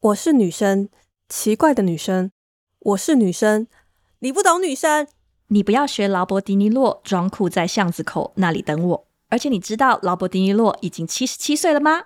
我是女生，奇怪的女生。我是女生，你不懂女生。你不要學勞勃迪尼洛裝酷，在巷子口那裡等我。而且你知道勞勃迪尼洛已經七十七歲了嗎？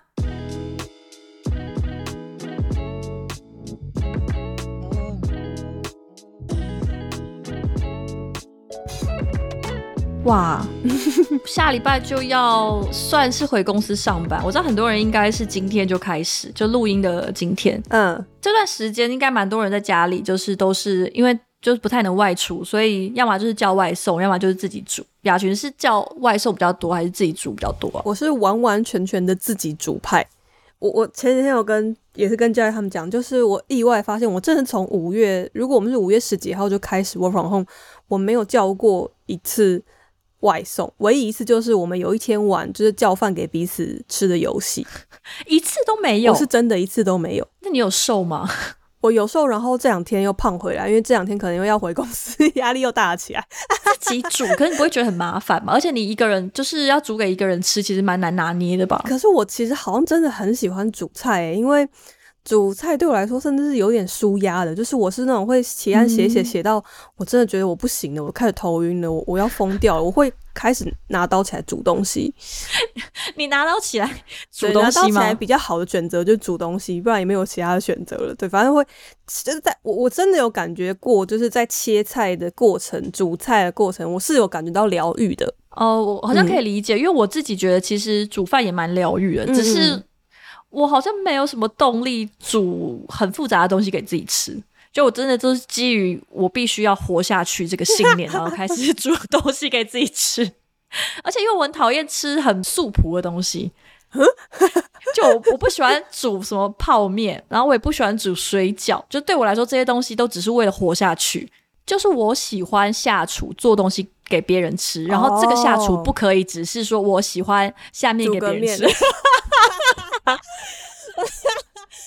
哇， 下禮拜就要算是回公司上班。我知道很多人應該是今天就開始就錄音的今天。嗯，這段時間應該蠻多人在家裡，就是都是因為就是不太能外出，所以要麼就是叫外送，要麼就是自己煮。雅群是叫外送比較多，還是自己煮比較多？我是完完全全的自己煮派。我我前幾天有跟也是跟家瑜他們講，就是我意外發現，我真的從五月，如果我們是五月十幾號就開始 work from home，我沒有叫過一次。外送，唯一一次就是我們有一天玩就是叫飯給彼此吃的遊戲，一次都沒有，是真的，一次都沒有。那你有瘦嗎？我有瘦，然後這兩天又胖回來，因為這兩天可能又要回公司，壓力又大起來。 自己煮，可是你不會覺得很麻煩嘛？而且你一個人就是要煮給一個人吃，其實蠻難拿捏的吧。可是我其實好像真的很喜歡煮菜欸，因為。煮菜對我來說甚至是有點舒壓的，就是我是那種會寫案寫寫寫到我真的覺得我不行了，我開始頭暈了，我我要瘋掉了，我會開始拿刀起來煮東西。 你拿刀起來煮東西，對煮東西嗎？拿刀起來，比較好的選擇就是煮東西，不然也沒有其他的選擇了。對，反正會就是在我我真的有感覺過，就是在切菜的過程、煮菜的過程，我是有感覺到療癒的。哦、呃，我好像可以理解，嗯、因為我自己覺得其實煮飯也蠻療癒的，只、嗯、是。我好像沒有什麼動力煮很複雜的東西給自己吃，就我真的就是基於我必須要活下去這個信念，然後開始煮東西給自己吃。 而且因為我很討厭吃很素樸的東西，就我不喜歡煮什麼泡麵，然後我也不喜歡煮水餃。就對我來說，這些東西都只是為了活下去。就是我喜歡下廚做東西給別人吃，然後這個下廚不可以只是說我喜歡下麵給別人吃。Oh. 啊、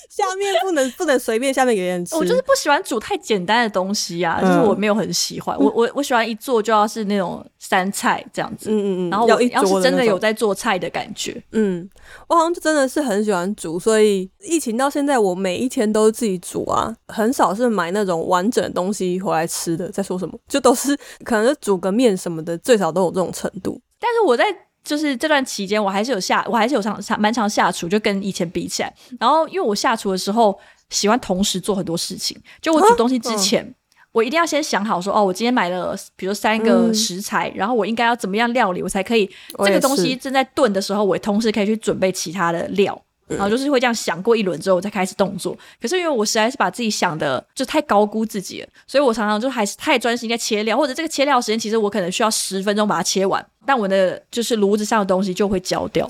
下面不能不能隨便下面給人吃。 我就是不喜歡煮太簡單的東西啊，嗯、就是我沒有很喜歡。我我我喜歡一做就要是那種三菜這樣子。嗯嗯嗯。然後我要是真的有在做菜的感覺的，嗯，我好像就真的是很喜歡煮。所以疫情到現在，我每一天都自己煮啊，很少是買那種完整的東西回來吃的。在說什麼？就都是可能是煮個麵什麼的，最少都有這種程度。但是我在。就是這段期間，我還是有下，我還是有常常蠻常下廚，就跟以前比起來。然後，因為我下廚的時候喜歡同時做很多事情，就我煮東西之前，啊嗯、我一定要先想好說，哦，我今天買了，比如說三個食材，嗯、然後我應該要怎麼樣料理，我才可以這個東西正在燉的時候，我同時可以去準備其他的料。然後就是會這樣想過一輪之後，我再開始動作。可是因為我實在是把自己想的就太高估自己了，所以我常常就還是太專心在切料，或者這個切料的時間其實我可能需要十分鐘把它切完，但我的就是爐子上的東西就會焦掉，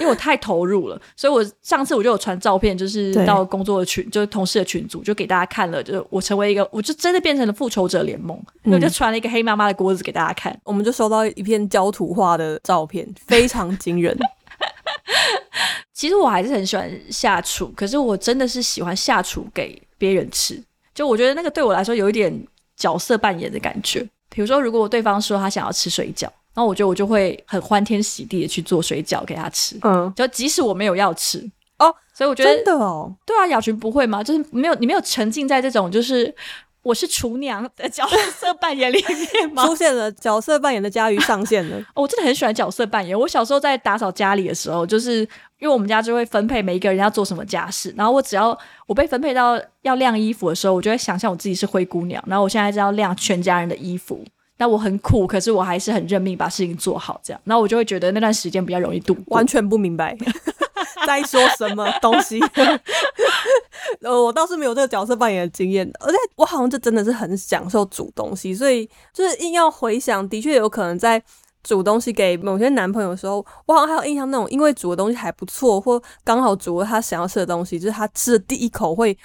因為我太投入了。所以我上次我就有傳照片，就是到工作的群，對就是同事的群組，就給大家看了，就是我成為一個，我就真的變成了復仇者聯盟，我就傳了一個黑媽媽的鍋子給大家看，嗯、我們就收到一片焦土化的照片，非常驚人。 其實我還是很喜歡下廚，可是我真的是喜歡下廚給別人吃。就我覺得那個對我來說有一點角色扮演的感覺。比如說，如果對方說他想要吃水餃，然後我覺得我就會很歡天喜地的去做水餃給他吃。嗯，就即使我沒有要吃哦，所以我覺得真的哦，對啊，雅群不會嗎？就是沒有你沒有沉浸在這種就是我是廚娘的角色扮演裡面嗎？ 出現了角色扮演的家瑜上線了、 哦。我真的很喜歡角色扮演。我小時候在打掃家裡的時候，就是。因為我們家就會分配每一個人要做什麼家事，然後我只要我被分配到要晾衣服的時候，我就會想象我自己是灰姑娘。然後我現在就要晾全家人的衣服，那我很苦，可是我還是很認命，把事情做好這樣。然後我就會覺得那段時間比較容易度過，完全不明白 在說什麼東西。呃，我倒是沒有這個角色扮演的經驗，而且我好像就真的是很享受煮東西，所以就是硬要回想，的確有可能在。煮東西給某些男朋友的時候，我好像還有印象那種，因為煮的東西還不錯，或剛好煮了他想要吃的東西，就是他吃的第一口會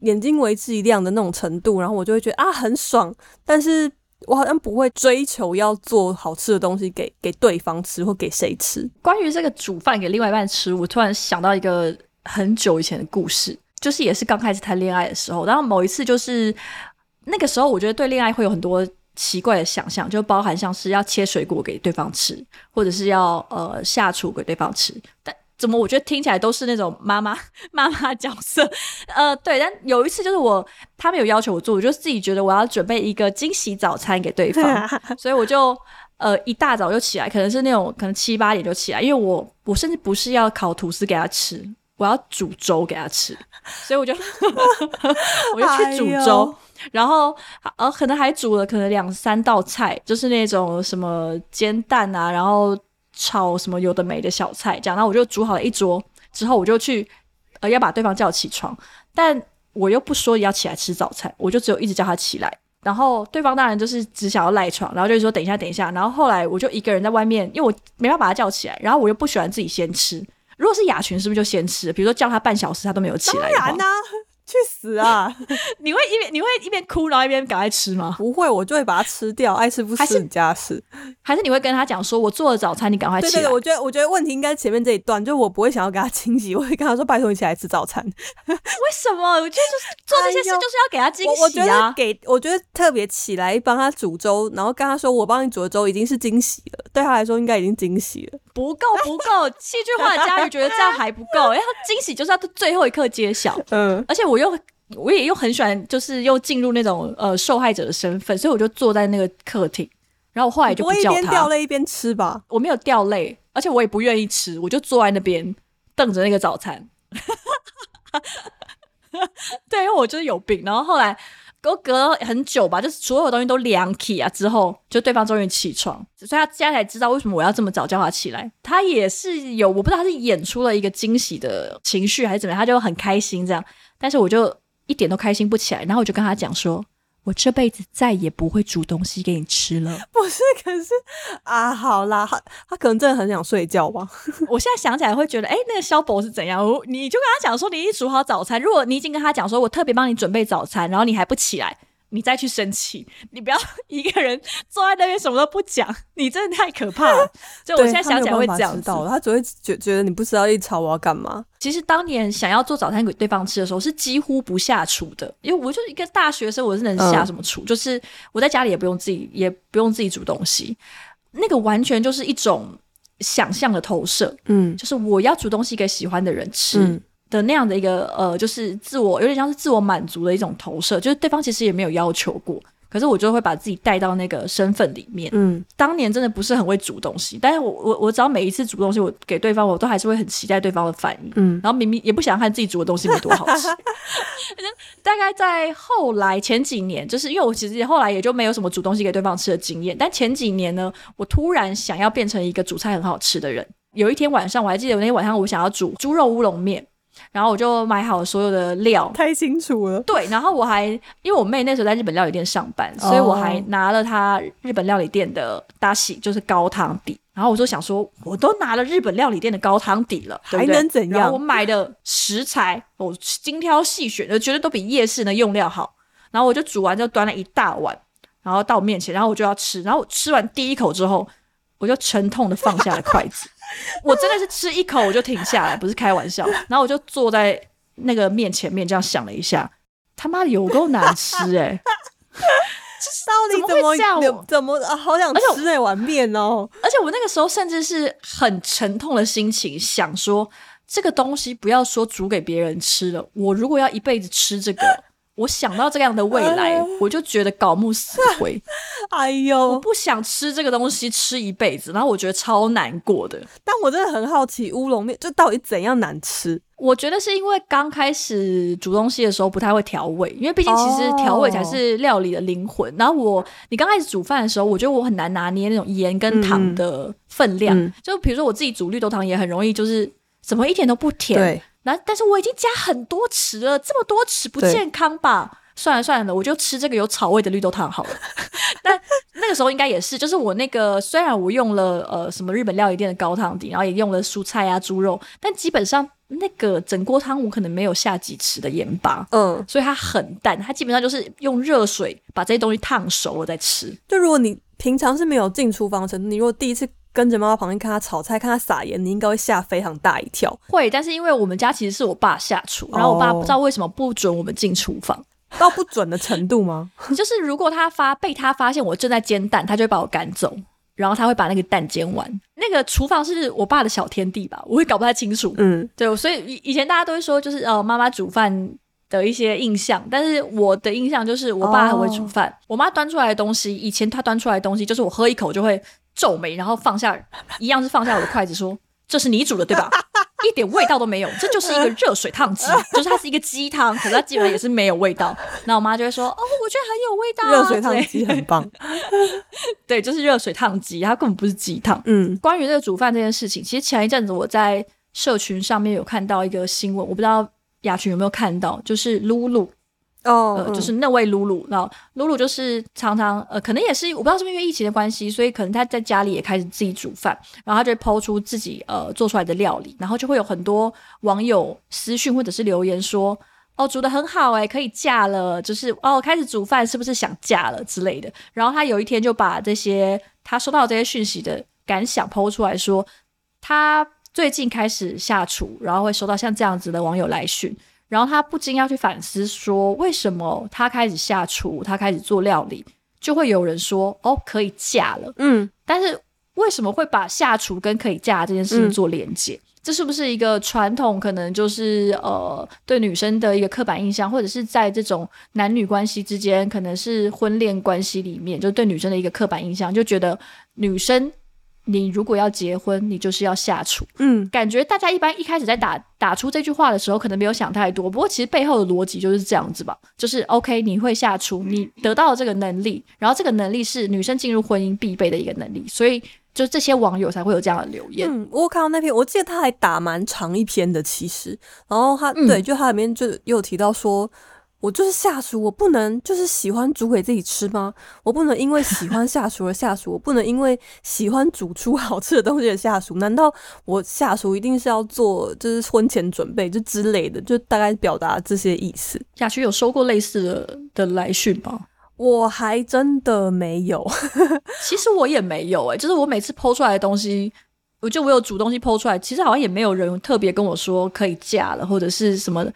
眼睛為之一亮的那種程度，然後我就會覺得啊很爽。但是我好像不會追求要做好吃的東西給給對方吃或給誰吃。關於這個煮飯給另外一半吃，我突然想到一個很久以前的故事，就是也是剛開始談戀愛的時候，然後某一次就是那個時候，我覺得對戀愛會有很多。奇怪的想象就包含像是要切水果給對方吃，或者是要呃下廚給對方吃，但怎麼我覺得聽起來都是那種媽媽媽媽角色，呃對，但有一次就是我他沒有要求我做，我就自己覺得我要準備一個驚喜早餐給對方，對啊、所以我就呃一大早就起來，可能是那種可能七八點就起來，因為我我甚至不是要烤吐司給他吃，我要煮粥給他吃，所以我就 我就去煮粥。哎然後，呃，可能還煮了可能兩三道菜，就是那種什麼煎蛋啊，然後炒什麼有的沒的小菜這樣。然後我就煮好了一桌之後，我就去，呃，要把對方叫起床，但我又不說要起來吃早餐，我就只有一直叫他起來。然後對方當然就是只想要賴床，然後就說等一下，等一下。然後後來我就一個人在外面，因為我沒辦法把他叫起來。然後我又不喜歡自己先吃，如果是雅群，是不是就先吃？比如說叫他半小時，他都沒有起來。不然呢、啊。去死啊！ 你會一邊你會一邊哭，然後一邊趕快吃嗎？不會，我就會把它吃掉。愛吃不吃你家事，還是，還是你會跟他講說：“我做了早餐，你趕快起來。對，對對，我覺得，我覺得問題應該前面這一段，就是我不會想要給他驚喜，我會跟他說：“拜託你起來吃早餐。 ”為什麼？我覺得做這些事就是要給他驚喜、啊。哎、我，我覺得給，我覺得特別起來幫他煮粥，然後跟他說：“我幫你煮的粥，已經是驚喜了。”對他來說，應該已經驚喜了。不夠，不夠。戲劇化的家人瑜覺得這樣還不夠，因為驚喜就是要最後一刻揭曉。嗯，而且我。我又，我也又很喜歡，就是又進入那種呃受害者的身份，所以我就坐在那個客廳，然後後來就不叫他。我一邊掉淚一邊吃吧，我沒有掉淚，而且我也不願意吃，我就坐在那邊瞪着那個早餐。 對，因為我就是有病。然後後來隔隔很久吧，就是所有東西都涼起啊，之後就對方終於起床，所以他現在才知道為什麼我要這麼早叫他起來。他也是有，我不知道他是演出了一個驚喜的情緒還是怎麼樣，他就很開心這樣。但是我就一點都開心不起來，然後我就跟他講說：“我這輩子再也不會煮東西給你吃了。”不是，可是啊，好啦，他他可能真的很想睡覺吧。 我現在想起來會覺得，哎，那個肖博是怎樣？我，你就跟他講說，你一煮好早餐，如果你已經跟他講說我特別幫你準備早餐，然後你還不起來。你再去生氣，你不要一個人坐在那邊什麼都不講，你真的太可怕了。所以我現在想起來會這樣子，他總會覺覺得你不知道一吵我要幹嘛。其實當年想要做早餐給對方吃的時候，是幾乎不下廚的，因為我就是一個大學生，我是能下什麼廚？嗯，就是我在家裡也不用自己，也不用自己煮東西，那個完全就是一種想象的投射。嗯，就是我要煮東西給喜歡的人吃。嗯的那樣的一個呃，就是自我有點像是自我滿足的一種投射，就是對方其實也沒有要求過，可是我就會把自己帶到那個身份裡面。嗯，當年真的不是很會煮東西，但是我我我只要每一次煮東西，我給對方我都還是會很期待對方的反應。嗯，然後明明也不想看自己煮的東西有多好吃。 但是大概在後來前幾年，就是因為我其實後來也就沒有什麼煮東西給對方吃的經驗，但前幾年呢，我突然想要變成一個煮菜很好吃的人。有一天晚上，我還記得那天晚上我想要煮豬肉烏龍麵。然後我就買好所有的料，太清楚了。對，然後我還因為我妹那時候在日本料理店上班，哦、所以我還拿了她日本料理店的 dashi，就是高湯底。然後我就想說，我都拿了日本料理店的高湯底了，對不對？還能怎樣？我買的食材我精挑細選，我覺得都比夜市的用料好。然後我就煮完就端了一大碗，然後到我面前，然後我就要吃。然後我吃完第一口之後，我就沉痛的放下了筷子。 我真的是吃一口我就停下來，不是開玩笑。然後我就坐在那個面前面這樣想了一下，他媽的有夠難吃哎、欸！騷，你怎麼下樣？怎麼好想吃那碗面哦、喔？而且我那個時候甚至是很沉痛的心情，想說這個東西不要說煮給別人吃了，我如果要一輩子吃這個。我想到這樣的未來，呦我就覺得槁木死灰。哎呦，我不想吃這個東西吃一輩子，然後我覺得超難過的。但我真的很好奇烏龍麵就到底怎樣難吃？我覺得是因為剛開始煮東西的時候不太會調味，因為畢竟其實調味才是料理的靈魂。哦、然後我，你剛開始煮飯的時候，我覺得我很難拿捏那種鹽跟糖的分量。嗯嗯、就比如說我自己煮綠豆湯，也很容易就是怎麼一點都不甜。那但是我已經加很多匙了，這麼多匙不健康吧？對算了算了，我就吃這個有草味的綠豆湯好了。 但那個時候應該也是，就是我那個雖然我用了呃什麼日本料理店的高湯底，然後也用了蔬菜啊豬肉，但基本上那個整鍋湯我可能沒有下幾匙的鹽巴吧。嗯、呃，所以它很淡，它基本上就是用熱水把這些東西燙熟了再吃。就如果你平常是沒有進廚房的，你如果第一次。跟着媽媽旁邊看她炒菜，看她撒鹽，你應該會嚇非常大一跳。會，但是因為我們家其實是我爸下廚，哦、然後我爸不知道為什麼不准我們進廚房，到不准的程度嗎？你就是如果他發被他發現我正在煎蛋，他就會把我趕走，然後他會把那個蛋煎完。那個廚房是我爸的小天地吧？我會搞不太清楚。嗯，對，所以以以前大家都會說，就是呃媽媽煮飯的一些印象，但是我的印象就是我爸很會煮飯，哦、我媽端出來的東西，以前她端出來的東西，就是我喝一口就會。皺眉，然後放下，一樣是放下我的筷子，說：“這是你煮的對吧？一點味道都沒有，這就是一個熱水燙雞，就是它是一個雞湯，可是它基本上也是沒有味道。” 那我媽就會說：“哦，我覺得很有味道，熱水燙雞很棒。對” 對，就是熱水燙雞，它根本不是雞湯。嗯，關於這個煮飯這件事情，其實前一陣子我在社群上面有看到一個新聞，我不知道雅群有沒有看到，就是露露。哦、oh, um. 呃，就是那位露露，那露露就是常常呃，可能也是我不知道是不是因為疫情的關係，所以可能她在家裡也開始自己煮飯，然後她就 PO 出自己呃做出來的料理，然後就會有很多網友私訊或者是留言說，哦煮得很好哎、欸，可以嫁了，就是哦開始煮飯是不是想嫁了之類的，然後她有一天就把這些她收到這些訊息的感想 PO 出來說，她最近開始下廚，然後會收到像這樣子的網友來訊。然後他不禁要去反思：說為什麼他開始下廚，他開始做料理，就會有人說哦可以嫁了。嗯，但是為什麼會把下廚跟可以嫁這件事情做連接？嗯、這是不是一個傳統？可能就是呃，對女生的一個刻板印象，或者是在這種男女關係之間，可能是婚戀關係裡面，就對女生的一個刻板印象，就覺得女生。你如果要結婚，你就是要下廚。嗯，感覺大家一般一開始在打打出這句話的時候，可能沒有想太多。不過其實背後的邏輯就是這樣子吧，就是 OK，你會下廚，你得到了這個能力，然後這個能力是女生進入婚姻必備的一個能力，所以就這些網友才會有這樣的留言。嗯，我看到那篇，我記得他還打蠻長一篇的，其實，然後他、嗯、對，就他裡面就又提到說。我就是下廚，我不能就是喜歡煮給自己吃嗎？我不能因為喜歡下廚而下廚， 我不能因為喜歡煮出好吃的東西而下廚。難道我下廚一定是要做就是婚前準備就之類的？就大概表達這些意思。雅群有收過類似的的來信嗎？我還真的沒有，其實我也沒有誒、欸，就是我每次 po 出來的東西，我就我有煮東西 po 出來，其實好像也沒有人特別跟我說可以嫁了或者是什麼。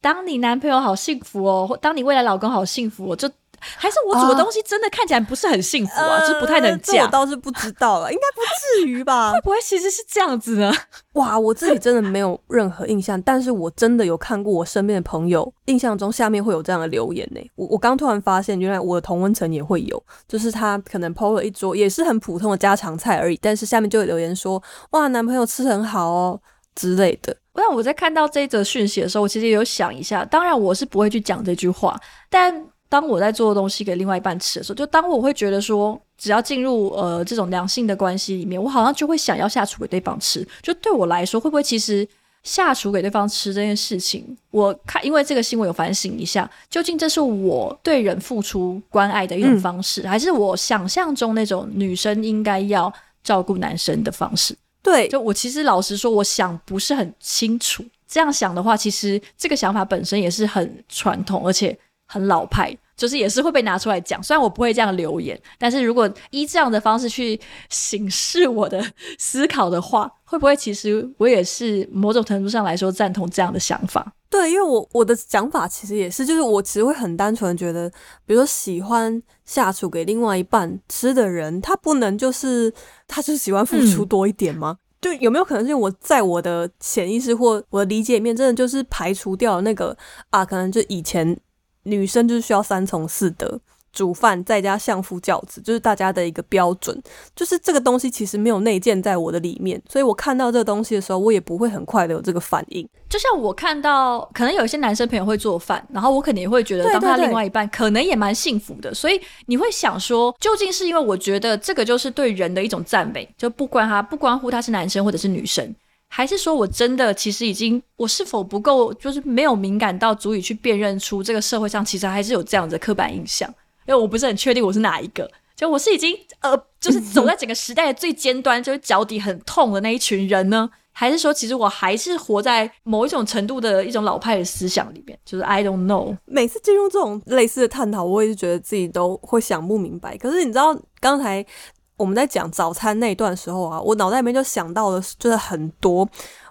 當你男朋友好幸福哦，或當你未來老公好幸福哦。就還是我煮的東西真的看起來不是很幸福啊，啊就不太能講。呃、我倒是不知道了，應該不至於吧？ 會不會其實是這樣子呢？哇，我自己真的沒有任何印象， 但是我真的有看過我身邊的朋友印象中下面會有這樣的留言呢。欸。我我剛突然發現，原來我的同溫層也會有，就是他可能 PO 了一桌也是很普通的家常菜而已，但是下面就有留言說，哇，男朋友吃很好哦。之類的。那我在看到這一則訊息的時候，我其實也有想一下。當然，我是不會去講這句話。但當我在做的東西給另外一半吃的時候，就當我會覺得說，只要進入呃這種良性的關係裡面，我好像就會想要下廚給對方吃。就對我來說，會不會其實下廚給對方吃這件事情，我看因為這個新聞有反省一下，究竟這是我對人付出關愛的一種方式，嗯、還是我想象中那種女生應該要照顧男生的方式？對，就我其實老實說，我想不是很清楚。這樣想的話，其實這個想法本身也是很傳統，而且很老派。就是也是會被拿出來講，雖然我不會這樣留言，但是如果依這樣的方式去形塑我的思考的話，會不會其實我也是某種程度上來說贊同這樣的想法？對，因為我我的想法其實也是，就是我其實會很單純覺得，比如說喜歡下廚給另外一半吃的人，他不能就是他就喜歡付出多一點嗎？嗯、就有沒有可能是我在我的潛意識或我的理解裡面，真的就是排除掉那個啊，可能就以前。女生就是需要三從四德，煮飯再加相夫教子，就是大家的一個標準。就是這個東西其實沒有內建在我的裡面，所以我看到這個東西的時候，我也不會很快的有這個反應。就像我看到，可能有一些男生朋友會做飯，然後我肯定也會覺得，當他另外一半可能也蠻幸福的。對對對。所以你會想說，究竟是因為我覺得這個就是對人的一種讚美，就不管他不關乎他是男生或者是女生。還是說我真的其實已經，我是否不夠就是沒有敏感到足以去辨認出這個社會上其實還是有這樣子的刻板印象？因為我不是很確定我是哪一個，就我是已經呃， 就是走在整個時代的最尖端，就是腳底很痛的那一群人呢？還是說其實我還是活在某一種程度的一種老派的思想裡面？就是 I don't know。每次進入這種類似的探討，我也是覺得自己都會想不明白。可是你知道剛才。我們在講早餐那一段時候啊，我腦袋裡面就想到了，就是很多。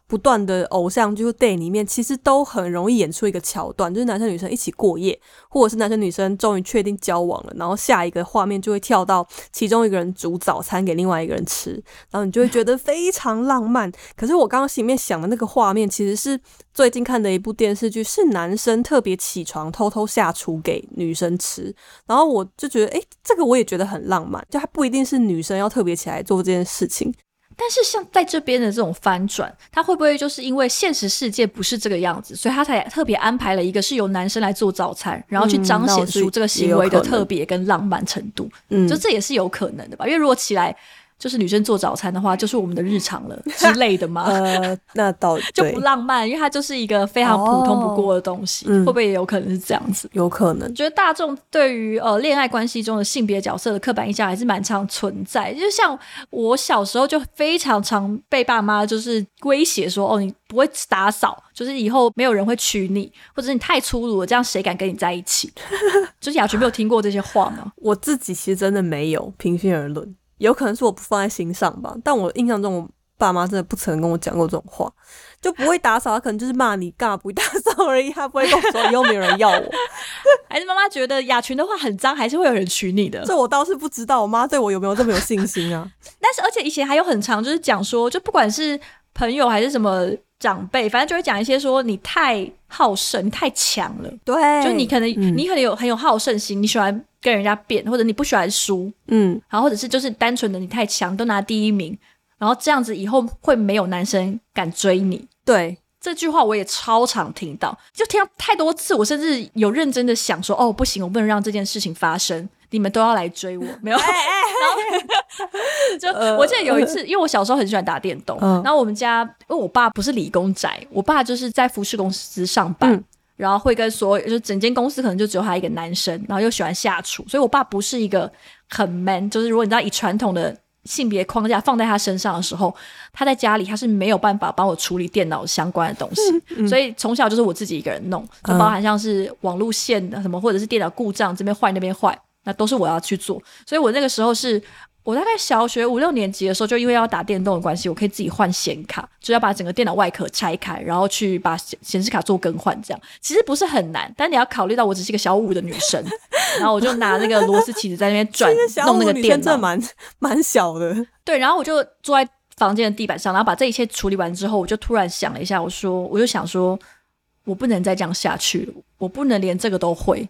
不斷的偶像劇或電影裡面，其實都很容易演出一個橋段，就是男生女生一起過夜，或者是男生女生終於確定交往了，然後下一個畫面就會跳到其中一個人煮早餐給另外一個人吃，然後你就會覺得非常浪漫。可是我剛剛心裡面想的那個畫面，其實是最近看的一部電視劇，是男生特別起床偷偷下廚給女生吃，然後我就覺得，誒，這個我也覺得很浪漫，就還不一定是女生要特別起來做這件事情。但是像在這邊的這種翻轉，他會不會就是因為現實世界不是這個樣子，所以他才特別安排了一個是由男生來做早餐，然後去彰顯出這個行為的特別跟浪漫程度。嗯，就這也是有可能的吧，因為如果起來。就是女生做早餐的話，就是我們的日常了之類的嗎？ 呃，那倒 就不浪漫，因為它就是一個非常普通不過的東西。哦、會不會也有可能是這樣子？嗯、有可能，覺得大眾對於呃戀愛關係中的性別角色的刻板印象還是蠻常存在。就是、像我小時候就非常常被爸媽就是威脅說：“哦，你不會打掃，就是以後沒有人會娶你，或者是你太粗魯了，這樣誰敢跟你在一起？” 就是雅群沒有聽過這些話嗎？ 我自己其實真的沒有，平心而論。有可能是我不放在心上吧，但我印象中我爸媽真的不曾跟我講過這種話，就不會打掃，他可能就是罵你幹嘛不打掃而已，他不會跟我說以後沒有人要我。還是 媽媽覺得雅群的話很髒，還是會有人娶你的。這我倒是不知道，我媽對我有沒有這麼有信心啊？ 但是而且以前還有很常，就是講說，就不管是朋友還是什麼。長輩，反正就會講一些說你太好勝，你太強了。對，就你可能、嗯、你可能有很有好勝心，你喜歡跟人家比，或者你不喜歡輸。嗯，然後或者是就是單純的你太強，都拿第一名，然後這樣子以後會沒有男生敢追你。對，這句話我也超常聽到，就聽到太多次，我甚至有認真的想說，哦，不行，我不能讓這件事情發生。你們都要來追我？沒有。哎哎、 然後就我記得有一次，因為我小時候很喜歡打電動，嗯、然後我們家因為我爸不是理工宅，我爸就是在服飾公司上班，嗯、然後會跟所有就是整間公司可能就只有他一個男生，然後又喜歡下廚，所以我爸不是一個很 man，就是如果你知道以傳統的性別框架放在他身上的時候，他在家裡他是沒有辦法幫我處理電腦相關的東西，嗯、所以從小就是我自己一個人弄，就包含像是網路線的什麼，或者是電腦故障這邊壞那邊壞。那都是我要去做，所以我那個時候是我大概小學五六年級的時候，就因為要打電動的關係，我可以自己換顯卡，就要把整個電腦外殼拆開，然後去把顯顯示卡做更換。這樣其實不是很難，但你要考慮到我只是一個小五的女生， 然後我就拿那個螺絲起子在那邊轉 弄那個電腦，真的蠻蠻小的。對，然後我就坐在房間的地板上，然後把這一切處理完之後，我就突然想了一下，我說，我就想說，我不能再這樣下去，我不能連這個都會。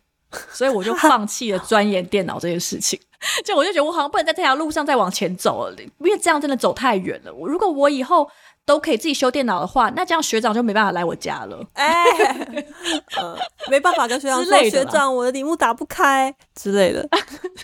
所以我就放棄了鑽研電腦這件事情， 就我就覺得我好像不能在這條路上再往前走了，因為這樣真的走太遠了。我如果我以後。都可以自己修電腦的話，那這樣學長就沒辦法來我家了。哎、欸，呃，沒辦法跟學長說學長我的禮物打不開之類的。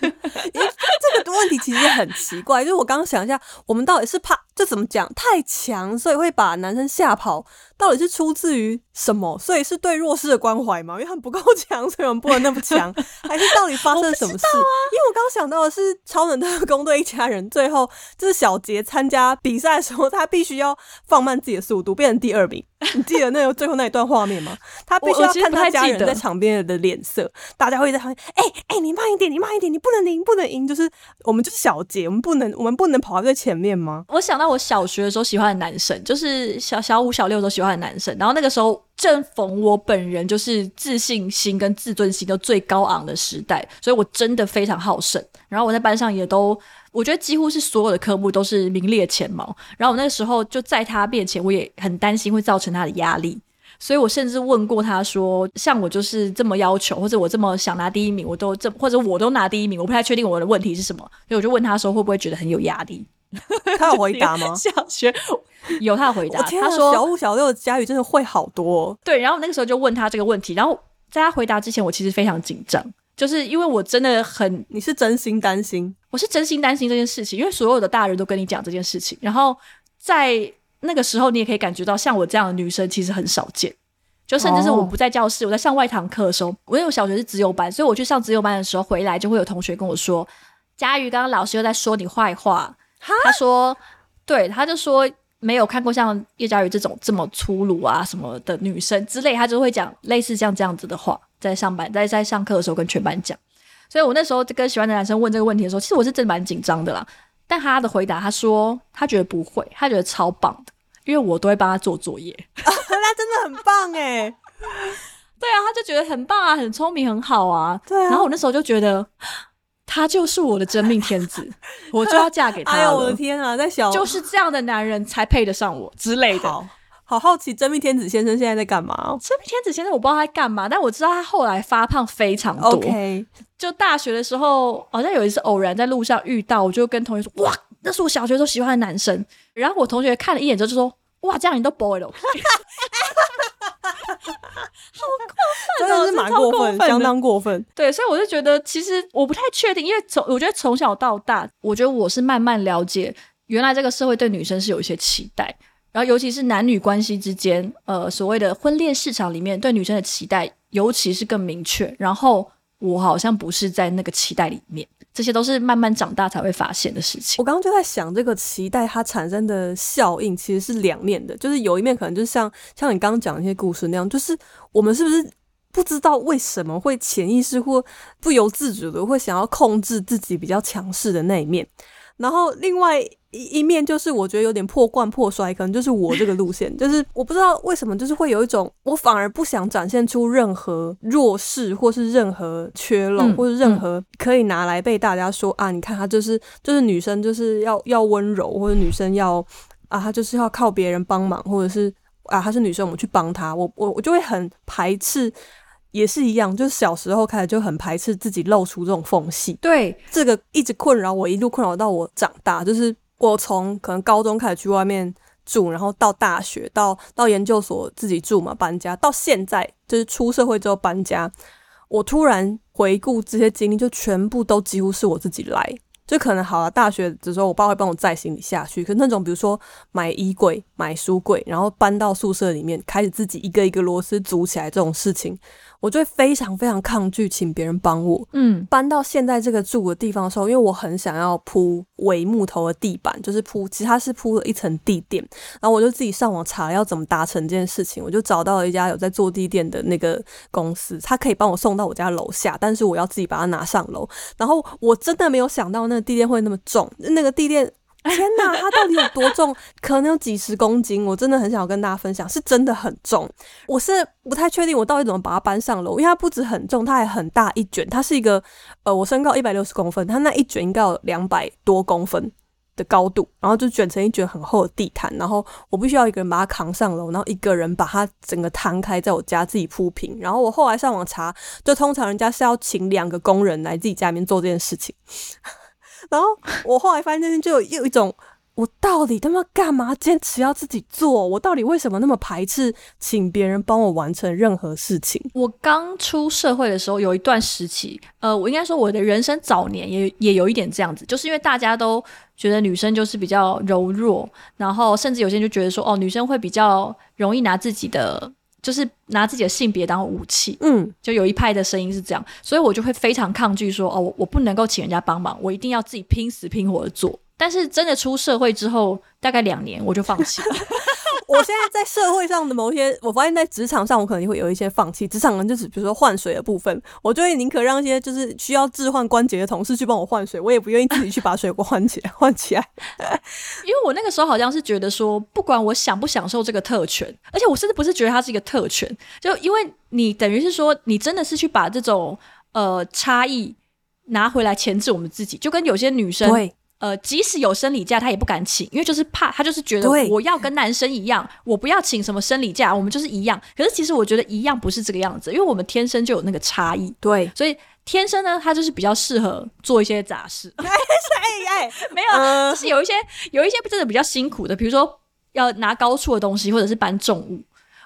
因為這個問題其實很奇怪，就是我剛剛想一下，我們到底是怕就怎麼講太強，所以會把男生嚇跑？到底是出自於什麼？所以是對弱勢的關懷嗎？因為他們不夠強，所以我們不能那麼強？ 還是到底發生了什麼事？啊、因為我剛想到的是超能特工隊一家人，最後就是小杰參加比賽的時候，他必須要。放慢自己的速度，變成第二名。你記得那個最後那一段畫面嗎？ 他必須要看他家人在場邊的臉色，大家會在旁邊：哎、欸、哎、欸，你慢一點，你慢一點，你不能贏，不能贏。就是我們就是小杰，我們不能，我們不能跑到最前面嗎？我想到我小學的時候喜歡的男神，就是小小五、小六的時候喜歡的男神。然後那個時候正逢我本人就是自信心跟自尊心都最高昂的時代，所以我真的非常好勝。然後我在班上也都。我覺得幾乎是所有的科目都是名列前茅。然後我那個時候就在他面前，我也很擔心會造成他的壓力，所以我甚至問過他說：“像我就是這麼要求，或者我這麼想拿第一名，我都這或者我都拿第一名，我不太確定我的問題是什麼。”所以我就問他說會不會覺得很有壓力？他有回答嗎？小學 有他的回答。啊、他說：“小五小六的家瑜真的會好多。”對。然後我那個時候就問他這個問題，然後在他回答之前，我其實非常緊張。就是因為我真的很，你是真心擔心，我是真心擔心這件事情，因為所有的大人都跟你講這件事情。然後在那個時候，你也可以感覺到，像我這樣的女生其實很少見，就甚至是我不在教室，oh. 我在上外堂課的時候，我因為我小學是資優班，所以我去上資優班的時候，回來就會有同學跟我說：“家瑜剛剛老師又在說你壞話。” Huh? 他說：“對，他就說沒有看過像葉家瑜這種這麼粗魯啊什麼的女生之類，他就會講類似像這樣子的話。”在上班，在在上課的時候跟全班講，所以我那時候跟喜歡的男生問這個問題的時候，其實我是真的蠻緊張的啦。但他的回答，他說他覺得不會，他覺得超棒的，因為我都會幫他做作業。啊，那真的很棒哎、欸！ 對啊，他就覺得很棒啊，很聰明，很好啊。對啊。然後我那時候就覺得，他就是我的真命天子， 我就要嫁給他。哎呦我的天啊，在小就是這樣的男人才配得上我之類的。好好奇，真命天子先生現在在幹嘛？真命天子先生，我不知道他幹嘛，但我知道他後來發胖非常多。OK，就大學的時候，好像有一次偶然在路上遇到，我就跟同學說：“哇，那是我小學時候喜歡的男生。”然後我同學看了一眼之後就說：“哇，這樣你都 boy 了。”哈哈哈哈哈！哈，好過分，真的是蠻過分，相當過分，相當過分。對，所以我就覺得，其實我不太確定，因為從我覺得從小到大，我覺得我是慢慢了解，原來這個社會對女生是有一些期待。然後，尤其是男女關係之間，呃，所謂的婚戀市場裡面，對女生的期待，尤其是更明確。然後，我好像不是在那個期待裡面，這些都是慢慢長大才會發現的事情。我剛剛就在想，這個期待它產生的效應其實是兩面的，就是有一面可能就像像你剛剛講的那些故事那樣，就是我們是不是不知道為什麼會潛意識或不由自主的會想要控制自己比較強勢的那一面。然後另外一一面就是，我覺得有點破罐破摔，可能就是我這個路線，就是我不知道為什麼，就是會有一種我反而不想展現出任何弱勢，或是任何缺漏，或者任何可以拿來被大家說、嗯、啊，你看她就是就是女生就是要要溫柔，或者女生要啊，她就是要靠別人幫忙，或者是啊她是女生，我們去幫她，我我我就會很排斥。也是一樣，就是小時候開始就很排斥自己露出這種縫隙，對，這個一直困擾我，一路困擾到我長大。就是我從可能高中開始去外面住，然後到大學，到到研究所自己住嘛，搬家到現在，就是出社會之後搬家。我突然回顧這些經歷，就全部都幾乎是我自己來。就可能好了，大學的時候我爸會幫我載行李下去，可是那種比如說買衣櫃、買書櫃，然後搬到宿舍裡面，開始自己一個一個螺絲組起來這種事情。我就會非常非常抗拒請別人幫我，嗯，搬到現在這個住的地方的時候，嗯、因為我很想要鋪偽木頭的地板，就是鋪，其實它是鋪了一層地墊，然後我就自己上網查要怎麼達成這件事情，我就找到了一家有在做地墊的那個公司，他可以幫我送到我家樓下，但是我要自己把它拿上樓，然後我真的沒有想到那個地墊會那麼重，那個地墊。天哪，它到底有多重？可能有幾十公斤。我真的很想要跟大家分享，是真的很重。我是不太確定我到底怎麼把它搬上樓，因為它不只很重，它還很大一卷。它是一個，呃，我身高一百六十公分，它那一卷應該有兩百多公分的高度，然後就捲成一卷很厚的地毯。然後我必須要一個人把它扛上樓，然後一個人把它整個攤開，在我家自己鋪平。然後我後來上網查，就通常人家是要請兩個工人來自己家裡面做這件事情。 然後我後來發現，就有一種，我到底他媽幹嘛堅持要自己做？我到底為什麼那麼排斥請別人幫我完成任何事情？我剛出社會的時候有一段時期，呃，我應該說我的人生早年也也有一點這樣子，就是因為大家都覺得女生就是比較柔弱，然後甚至有些人就覺得說，哦，女生會比較容易拿自己的。就是拿自己的性別當武器，嗯，就有一派的聲音是這樣，所以我就會非常抗拒說，哦，我我不能夠請人家幫忙，我一定要自己拼死拼活的做。但是真的出社會之後，大概兩年我就放棄了。 我現在在社會上的某一些，我發現，在職場上，我可能會有一些放棄。職場人就是，比如說換水的部分，我就會寧可讓一些就是需要置換關節的同事去幫我換水，我也不願意自己去把水給我換起來換起來。 因為我那個時候好像是覺得說，不管我享不享受這個特權，而且我甚至不是覺得它是一個特權，就因為你等於是說，你真的是去把這種呃差異拿回來鉗制我們自己，就跟有些女生。呃，即使有生理假，他也不敢請，因為就是怕，他就是覺得我要跟男生一樣，對我不要請什麼生理假，我們就是一樣。可是其實我覺得一樣不是這個樣子，因為我們天生就有那個差異。對，所以天生呢，他就是比較適合做一些雜事。哎哎哎，沒有，就是有一些、uh、有一些真的比較辛苦的，比如說要拿高處的東西，或者是搬重物。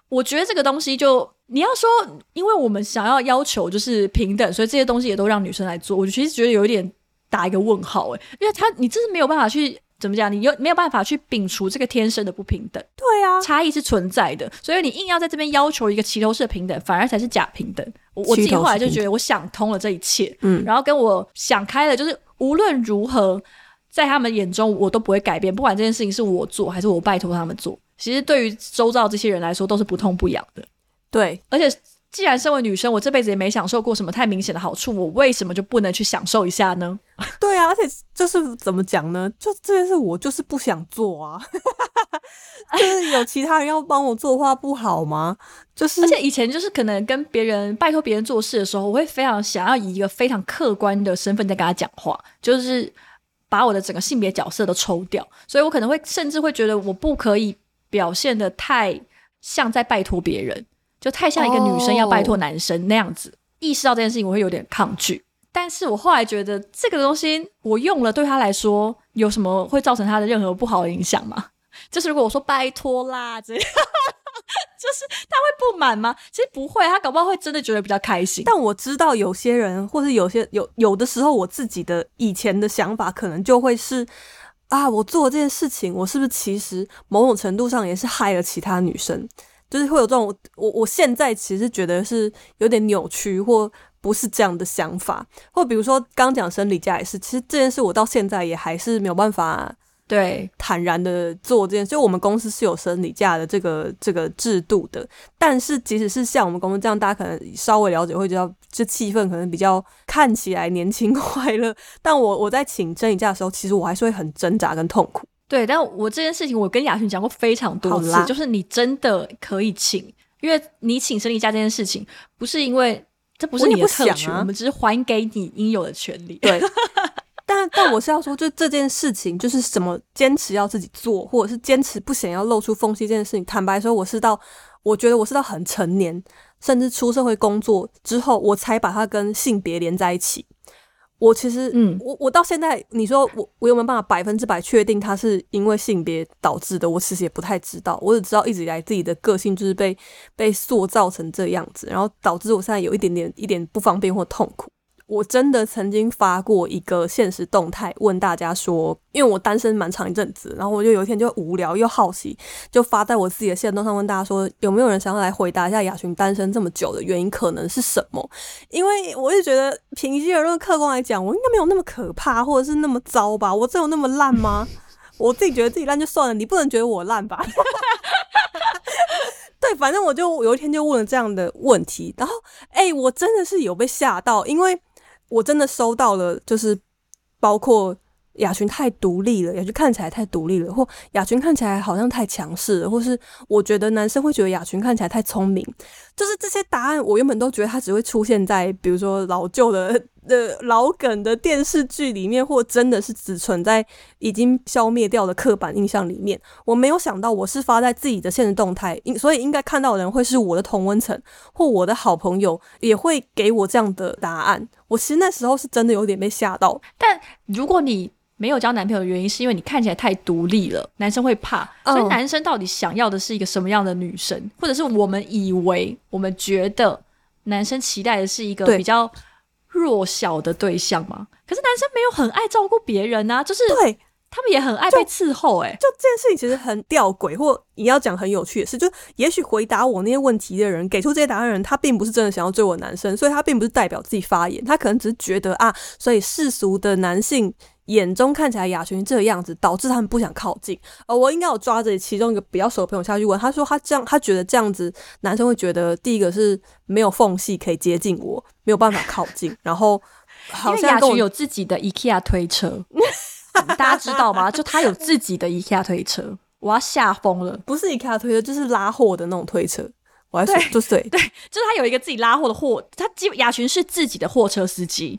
我覺得這個東西就，就你要說，因為我們想要要求就是平等，所以這些東西也都讓女生來做。我其實覺得有一點。打一個問號哎、欸，因為他，你這是沒有辦法去怎麼講，你又沒有辦法去摒除這個天生的不平等。對啊，差異是存在的，所以你硬要在這邊要求一個齊頭式的平等，反而才是假平等。我，我自己後來就覺得，我想通了這一切，嗯，然後跟我想開了，就是無論如何，在他們眼中，我都不會改變，不管這件事情是我做還是我拜託他們做，其實對於周遭這些人來說，都是不痛不癢的。嗯、對，而且。既然身為女生，我這輩子也沒享受過什麼太明顯的好處，我為什麼就不能去享受一下呢？對啊，而且就是怎麼講呢？就這件事，我就是不想做啊。 就是有其他人要幫我做的話不好嗎？就是，而且以前就是可能跟別人拜托別人做事的時候，我會非常想要以一個非常客觀的身份在跟他講話，就是把我的整個性別角色都抽掉，所以我可能會甚至會覺得我不可以表現得太像在拜托別人，就太像一個女生要拜託男生，oh. 那樣子，意識到這件事情我會有點抗拒，但是我後來覺得這個東西我用了對他來說有什麼會造成他的任何不好的影響嗎？就是如果我說拜託啦這樣， 就是他會不滿嗎？其實不會，他搞不好會真的覺得比較開心。但我知道有些人或是有些有有的時候我自己的以前的想法可能就會是啊，我做這件事情我是不是其實某種程度上也是害了其他女生？就是會有這種，我我現在其實覺得是有點扭曲，或不是這樣的想法，或比如說剛講生理假也是，其實這件事我到現在也還是沒有辦法對坦然的做這件事，就我們公司是有生理假的這個這個制度的，但是即使是像我們公司這樣，大家可能稍微了解會知道，就氣氛可能比較看起來年輕快樂，但我我在請生理假的時候，其實我還是會很掙扎跟痛苦。對，但我這件事情，我跟雅群講過非常多次，啦就是你真的可以請，因為你請生理假這件事情，不是因為這不是你不想、啊、我們只是還給你應有的權利。對， 但但我是要說，就這件事情就是什麼堅持要自己做，或者是堅持不想要露出縫隙這件事情，坦白說，我是到我覺得我是到很成年，甚至出社會工作之後，我才把它跟性別連在一起。我其實，嗯，我我到現在，你說我我有沒有辦法百分之百確定他是因為性別導致的？我其實也不太知道，我只知道一直以來自己的個性就是被被塑造成這樣子，然後導致我現在有一點點一點不方便或痛苦。我真的曾經發過一個限時動態，問大家說，因為我單身蠻長一陣子，然後我就有一天就無聊又好奇，就發在我自己的限動上問大家說，有沒有人想要來回答一下雅群單身這麼久的原因可能是什麼？因為我就覺得，平心而論，客觀來講，我應該沒有那麼可怕，或者是那麼糟吧？我真有那麼爛嗎？我自己覺得自己爛就算了，你不能覺得我爛吧？ 對，反正我就有一天就問了這樣的問題，然後誒、欸，我真的是有被嚇到，因為。我真的收到了，就是包括雅群太獨立了，雅群看起來太獨立了，或雅群看起來好像太強勢了，或是我覺得男生會覺得雅群看起來太聰明。就是這些答案，我原本都覺得它只會出現在比如說老舊的、呃老梗的電視劇裡面，或真的是只存在已經消滅掉的刻板印象裡面。我沒有想到，我是發在自己的現實動態，所以應該看到的人會是我的同溫層或我的好朋友，也會給我這樣的答案。我其實那時候是真的有點被嚇到。但如果你沒有交男朋友的原因，是因為你看起來太獨立了，男生會怕。所以男生到底想要的是一個什麼樣的女生？嗯、或者是我們以為、我們覺得男生期待的是一個比較弱小的對象嗎？對可是男生沒有很愛照顧別人啊，就是對他們也很愛被伺候、欸。哎，就這件事情其實很吊詭，或你要講很有趣的事，就是也許回答我那些問題的人，給出這些答案的人，他並不是真的想要追我男生，所以他並不是代表自己發言，他可能只是覺得啊，所以世俗的男性。眼中看起來雅群這個樣子，導致他們不想靠近。而、呃、我應該有抓着其中一個比較熟的朋友下去問，他說他這樣，他覺得這樣子男生會覺得，第一個是沒有縫隙可以接近我，沒有辦法靠近。然後，好像雅群有自己的 IKEA 推車， 大家知道嗎？就他有自己的 IKEA 推車，我要嚇瘋了。不是 IKEA 推車，就是拉貨的那種推車。我還說，就對，就是對，對，就是他有一個自己拉貨的貨，他基雅群是自己的貨車司機。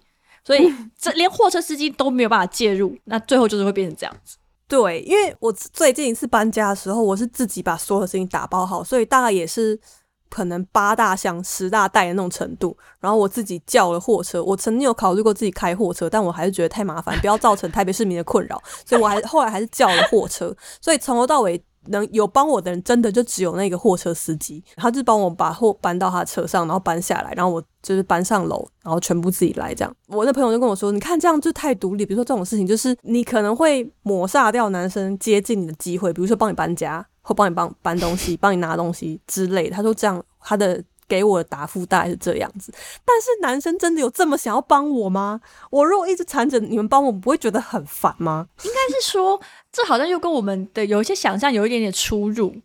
所以，這連貨車司機都沒有辦法介入，那最後就是會變成這樣子。對，因為我最近一次搬家的時候，我是自己把所有的事情打包好，所以大概也是可能八大箱、十大袋的那種程度。然後我自己叫了貨車。我曾經有考慮過自己開貨車，但我還是覺得太麻煩，不要造成台北市民的困擾，所以我還，後來還是叫了貨車。所以從頭到尾。能有幫我的人，真的就只有那個貨車司機，他就幫我把貨搬到他車上，然後搬下來，然後我就是搬上樓，然後全部自己來這樣。我那朋友就跟我說：“你看這樣就太獨立，比如說這種事情，就是你可能會抹殺掉男生接近你的機會，比如說幫你搬家，或幫你幫搬東西、幫你拿東西之類。”他說：“這樣他的。”給我的答覆大概是這樣子，但是男生真的有這麼想要幫我嗎？我如果一直纏着你們幫我，我不會覺得很煩嗎？應該是說，這好像又跟我們的有一些想象有一點點出入，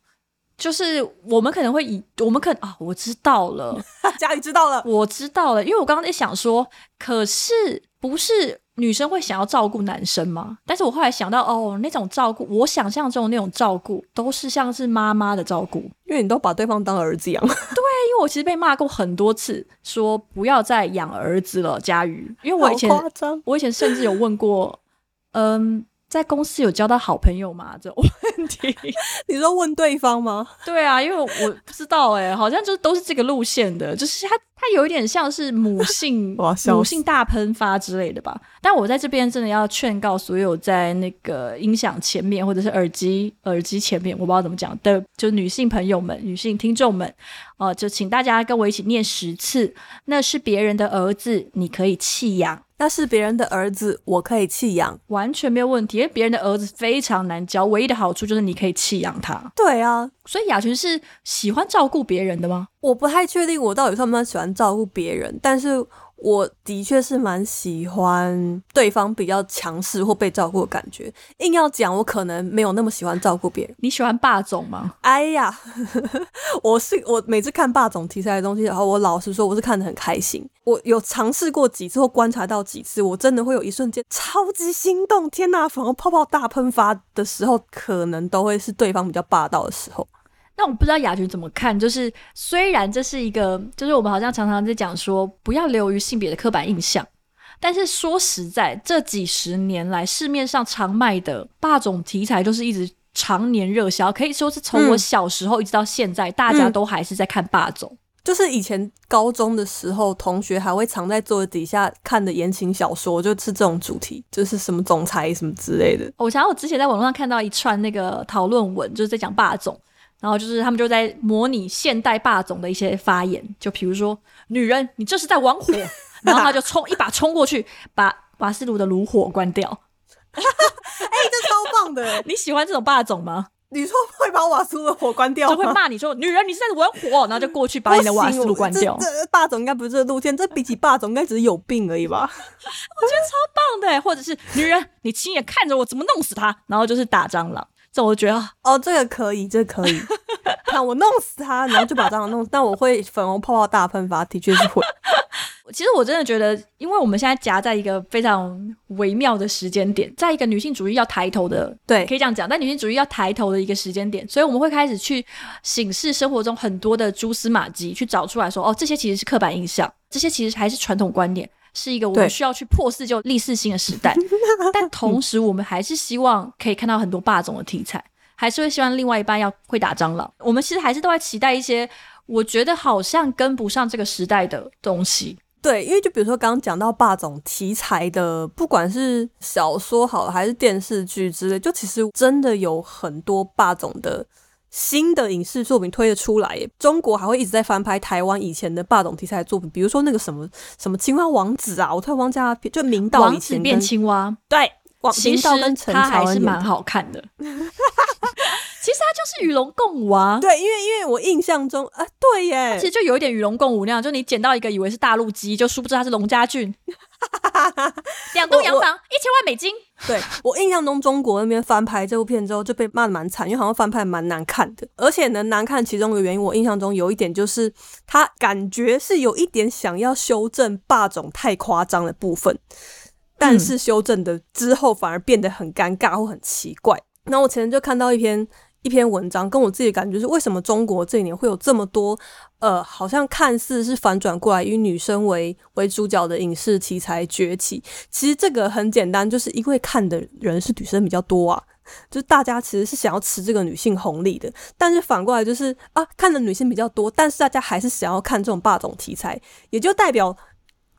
就是我們可能會以我們可能啊、哦，我知道了， 家瑜知道了，我知道了，因為我剛剛在想說，可是。不是女生會想要照顧男生嗎？但是我後來想到，哦，那種照顧，我想象中的那種照顧，都是像是媽媽的照顧，因為你都把對方當兒子養。 對，因為我其實被罵過很多次，說不要再養兒子了，家瑜。因為我以前，我以前甚至有問過， 嗯。在公司有交到好朋友嗎？這種問題， 你說問對方嗎？對啊，因為我不知道哎、欸，好像就是都是這個路線的，就是它它有一點像是母性 母性大噴發之類的吧。但我在這邊真的要勸告所有在那個音響前面或者是耳機耳機前面，我不知道怎麼講的，就女性朋友們、女性聽眾們，哦、呃，就請大家跟我一起念十次，那是別人的兒子，你可以棄養。那是別人的兒子，我可以棄養，完全沒有問題。因為別人的兒子非常難教，唯一的好處就是你可以棄養他。對啊，所以雅群是喜歡照顧別人的嗎？我不太確定，我到底算不算喜歡照顧別人，但是。我的確是蠻喜歡對方比較強勢或被照顧的感覺，硬要講我可能沒有那麼喜歡照顧別人。你喜歡霸總嗎？哎呀，呵呵呵。我是我每次看霸總題材的東西，然後我老實說我是看得很開心。我有嘗試過幾次，或觀察到幾次，我真的會有一瞬間超級心動。天吶、啊，反而泡泡大噴發的時候，可能都會是對方比較霸道的時候。那我不知道雅群怎麼看，就是雖然這是一個，就是我們好像常常在講說不要流於性別的刻板印象，但是說實在，這幾十年來市面上常賣的霸總題材，就是一直常年熱銷，可以說是從我小時候一直到現在，嗯，大家都還是在看霸總，就是以前高中的時候，同學還會藏在桌子底下看的言情小說，就是這種主題，就是什麼總裁什麼之類的。我想我之前在網絡上看到一串那個討論文，就是在講霸總。然後就是他們就在模擬現代霸總的一些發言，就比如說“女人，你這是在玩火”， 然後他就衝一把衝過去，把瓦斯爐的爐火關掉。哎、 欸，這超棒的！你喜歡這種霸總嗎？你說會把瓦斯爐的火關掉嗎？就會罵你說“女人，你是在玩火、哦”，然後就過去把你的瓦斯爐關掉。這，這霸總應該不是這路線，這比起霸總應該只是有病而已吧？ 我覺得超棒的，或者是“女人，你親眼看着我怎麼弄死他”，然後就是打蟑螂。這我覺得哦，這個可以，這個可以。看、 啊、我弄死他，然後就把蟑螂弄死。 但我會粉紅泡泡大噴發，的確是會。其實我真的覺得，因為我們現在夾在一個非常微妙的時間點，在一個女性主義要抬頭的，對，可以這樣講。但女性主義要抬頭的一個時間點，所以我們會開始去審視生活中很多的蛛絲馬跡，去找出來說，哦，這些其實是刻板印象，這些其實還是傳統觀念。是一個我們需要去破四舊立四新的時代，對 但同時我們還是希望可以看到很多霸總的題材，還是會希望另外一半要會打蟑螂。我們其實還是都在期待一些，我覺得好像跟不上這個時代的東西。對，因為就比如說剛剛講到霸總題材的，不管是小說好了還是電視劇之類，就其實真的有很多霸總的。新的影視作品推得出來耶，中國還會一直在翻拍台灣以前的霸總題材的作品，比如說那個什麼什麼青蛙王子啊，我突然忘記啊，就明道以前王子變青蛙，對，明道跟他還是蠻好看的。其實他就是與龍共舞，啊。 啊對，因為因為我印象中啊，對耶，其實就有一點與龍共舞那樣，就你撿到一個以為是大陸雞，就殊不知他是龍家俊，兩棟 洋房，一千萬美金。 對，我印象中，中國那邊翻拍這部片之後就被罵的蠻慘，因為好像翻拍蠻難看的，而且呢，難看，其中一個原因我印象中有一點就是，他感覺是有一點想要修正霸總太誇張的部分，但是修正的之後反而變得很尷尬或很奇怪。嗯、那我前天就看到一篇，一篇文章跟我自己的感覺就是，為什麼中國這一年會有這麼多，呃，好像看似是反轉過來以女生為為主角的影視題材崛起？其實這個很簡單，就是因為看的人是女生比較多啊，就是大家其實是想要吃這個女性紅利的。但是反過來就是啊，看的女性比較多，但是大家還是想要看這種霸總題材，也就代表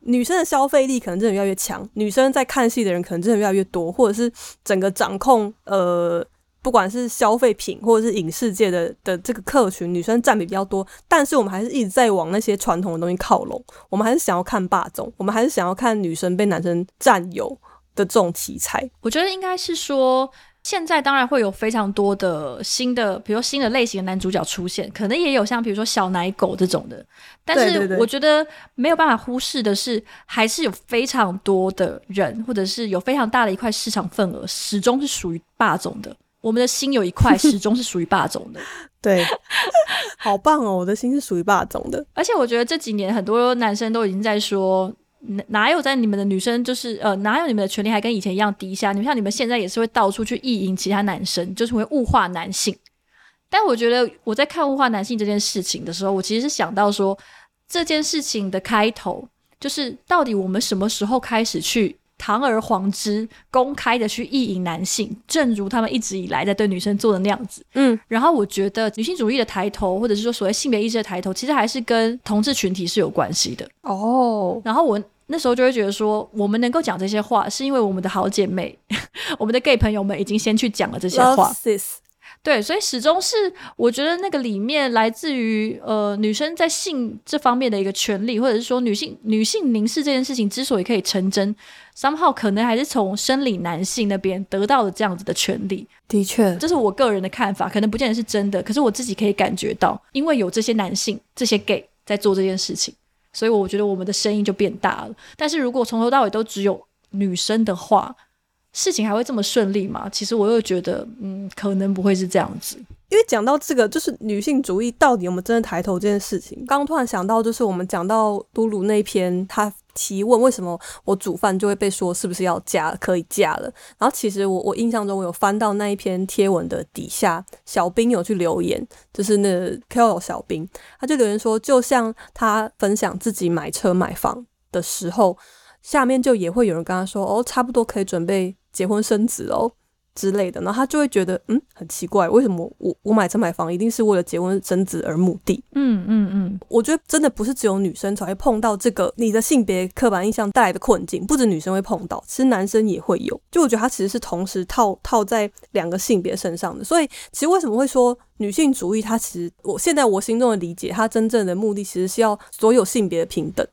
女生的消費力可能真的越來越強，女生在看戲的人可能真的越來越多，或者是整個掌控呃。不管是消費品或者是影視界的的這個客群，女生佔比比較多，但是我們還是一直在往那些傳統的東西靠攏。我們還是想要看霸總，我們還是想要看女生被男生佔有的這種題材。我覺得應該是說，現在當然會有非常多的新的，比如說新的類型的男主角出現，可能也有像比如說小奶狗這種的。但是我覺得沒有辦法忽視的是，還是有非常多的人，或者是有非常大的一塊市場份額，始終是屬於霸總的。我們的心有一塊始終是屬於霸總的， 對，好棒哦！我的心是屬於霸總的， 而且我覺得這幾年很多男生都已經在說，哪，哪有在你們的女生就是呃，哪有你們的權利還跟以前一樣低下？你們像你們現在也是會到處去意淫其他男生，就是會物化男性。但我覺得我在看物化男性這件事情的時候，我其實是想到說，這件事情的開頭就是到底我們什麼時候開始去？堂而皇之、公開的去意淫男性，正如他們一直以來在對女生做的那樣子。嗯，然後我覺得女性主義的抬頭，或者是說所謂性別意識的抬頭，其實還是跟同志群體是有關係的。哦，然後我那時候就會覺得說，我們能夠講這些話，是因為我們的好姐妹、我們的 gay 朋友們已經先去講了這些話。對，所以始終是我覺得那個裡面來自於呃女生在性這方面的一個權利，或者是說女性女性凝視這件事情之所以可以成真，somehow 可能還是從生理男性那邊得到了這樣子的權利。的確，這是我個人的看法，可能不見得是真的，可是我自己可以感覺到，因為有這些男性這些 gay 在做這件事情，所以我覺得我們的聲音就變大了。但是如果從頭到尾都只有女生的話，事情還會這麼順利嗎？其實我又覺得，嗯，可能不會是這樣子。因為講到這個，就是女性主義到底有沒有真的抬頭這件事情。剛剛突然想到，就是我們講到嘟嚕那一篇，他提問為什麼我煮飯就會被說是不是要嫁，可以嫁了。然後其實我我印象中，我有翻到那一篇貼文的底下，小兵有去留言，就是那個 Kelly 小兵，他就留言說，就像他分享自己買車買房的時候，下面就也會有人跟他說，哦，差不多可以準備。結婚生子哦之類的，然後他就會覺得，嗯，很奇怪，為什麼我我買車買房一定是為了結婚生子而目的？嗯嗯嗯，嗯嗯，我覺得真的不是只有女生才會碰到這個，你的性別刻板印象帶來的困境，不止女生會碰到，其實男生也會有。就我覺得他其實是同時套套在兩個性別身上的，所以其實為什麼會說女性主義？它，其實我現在我心中的理解，它真正的目的其實是要所有性別的平等。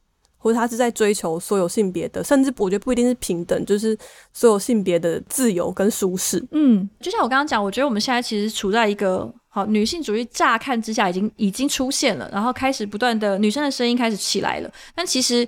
或者他是在追求所有性別的，甚至我覺得不一定是平等，就是所有性別的自由跟舒適。嗯，就像我剛剛講，我覺得我們現在其實處在一個好女性主義，乍看之下已經已經出現了，然後開始不斷的女生的聲音開始起來了。但其實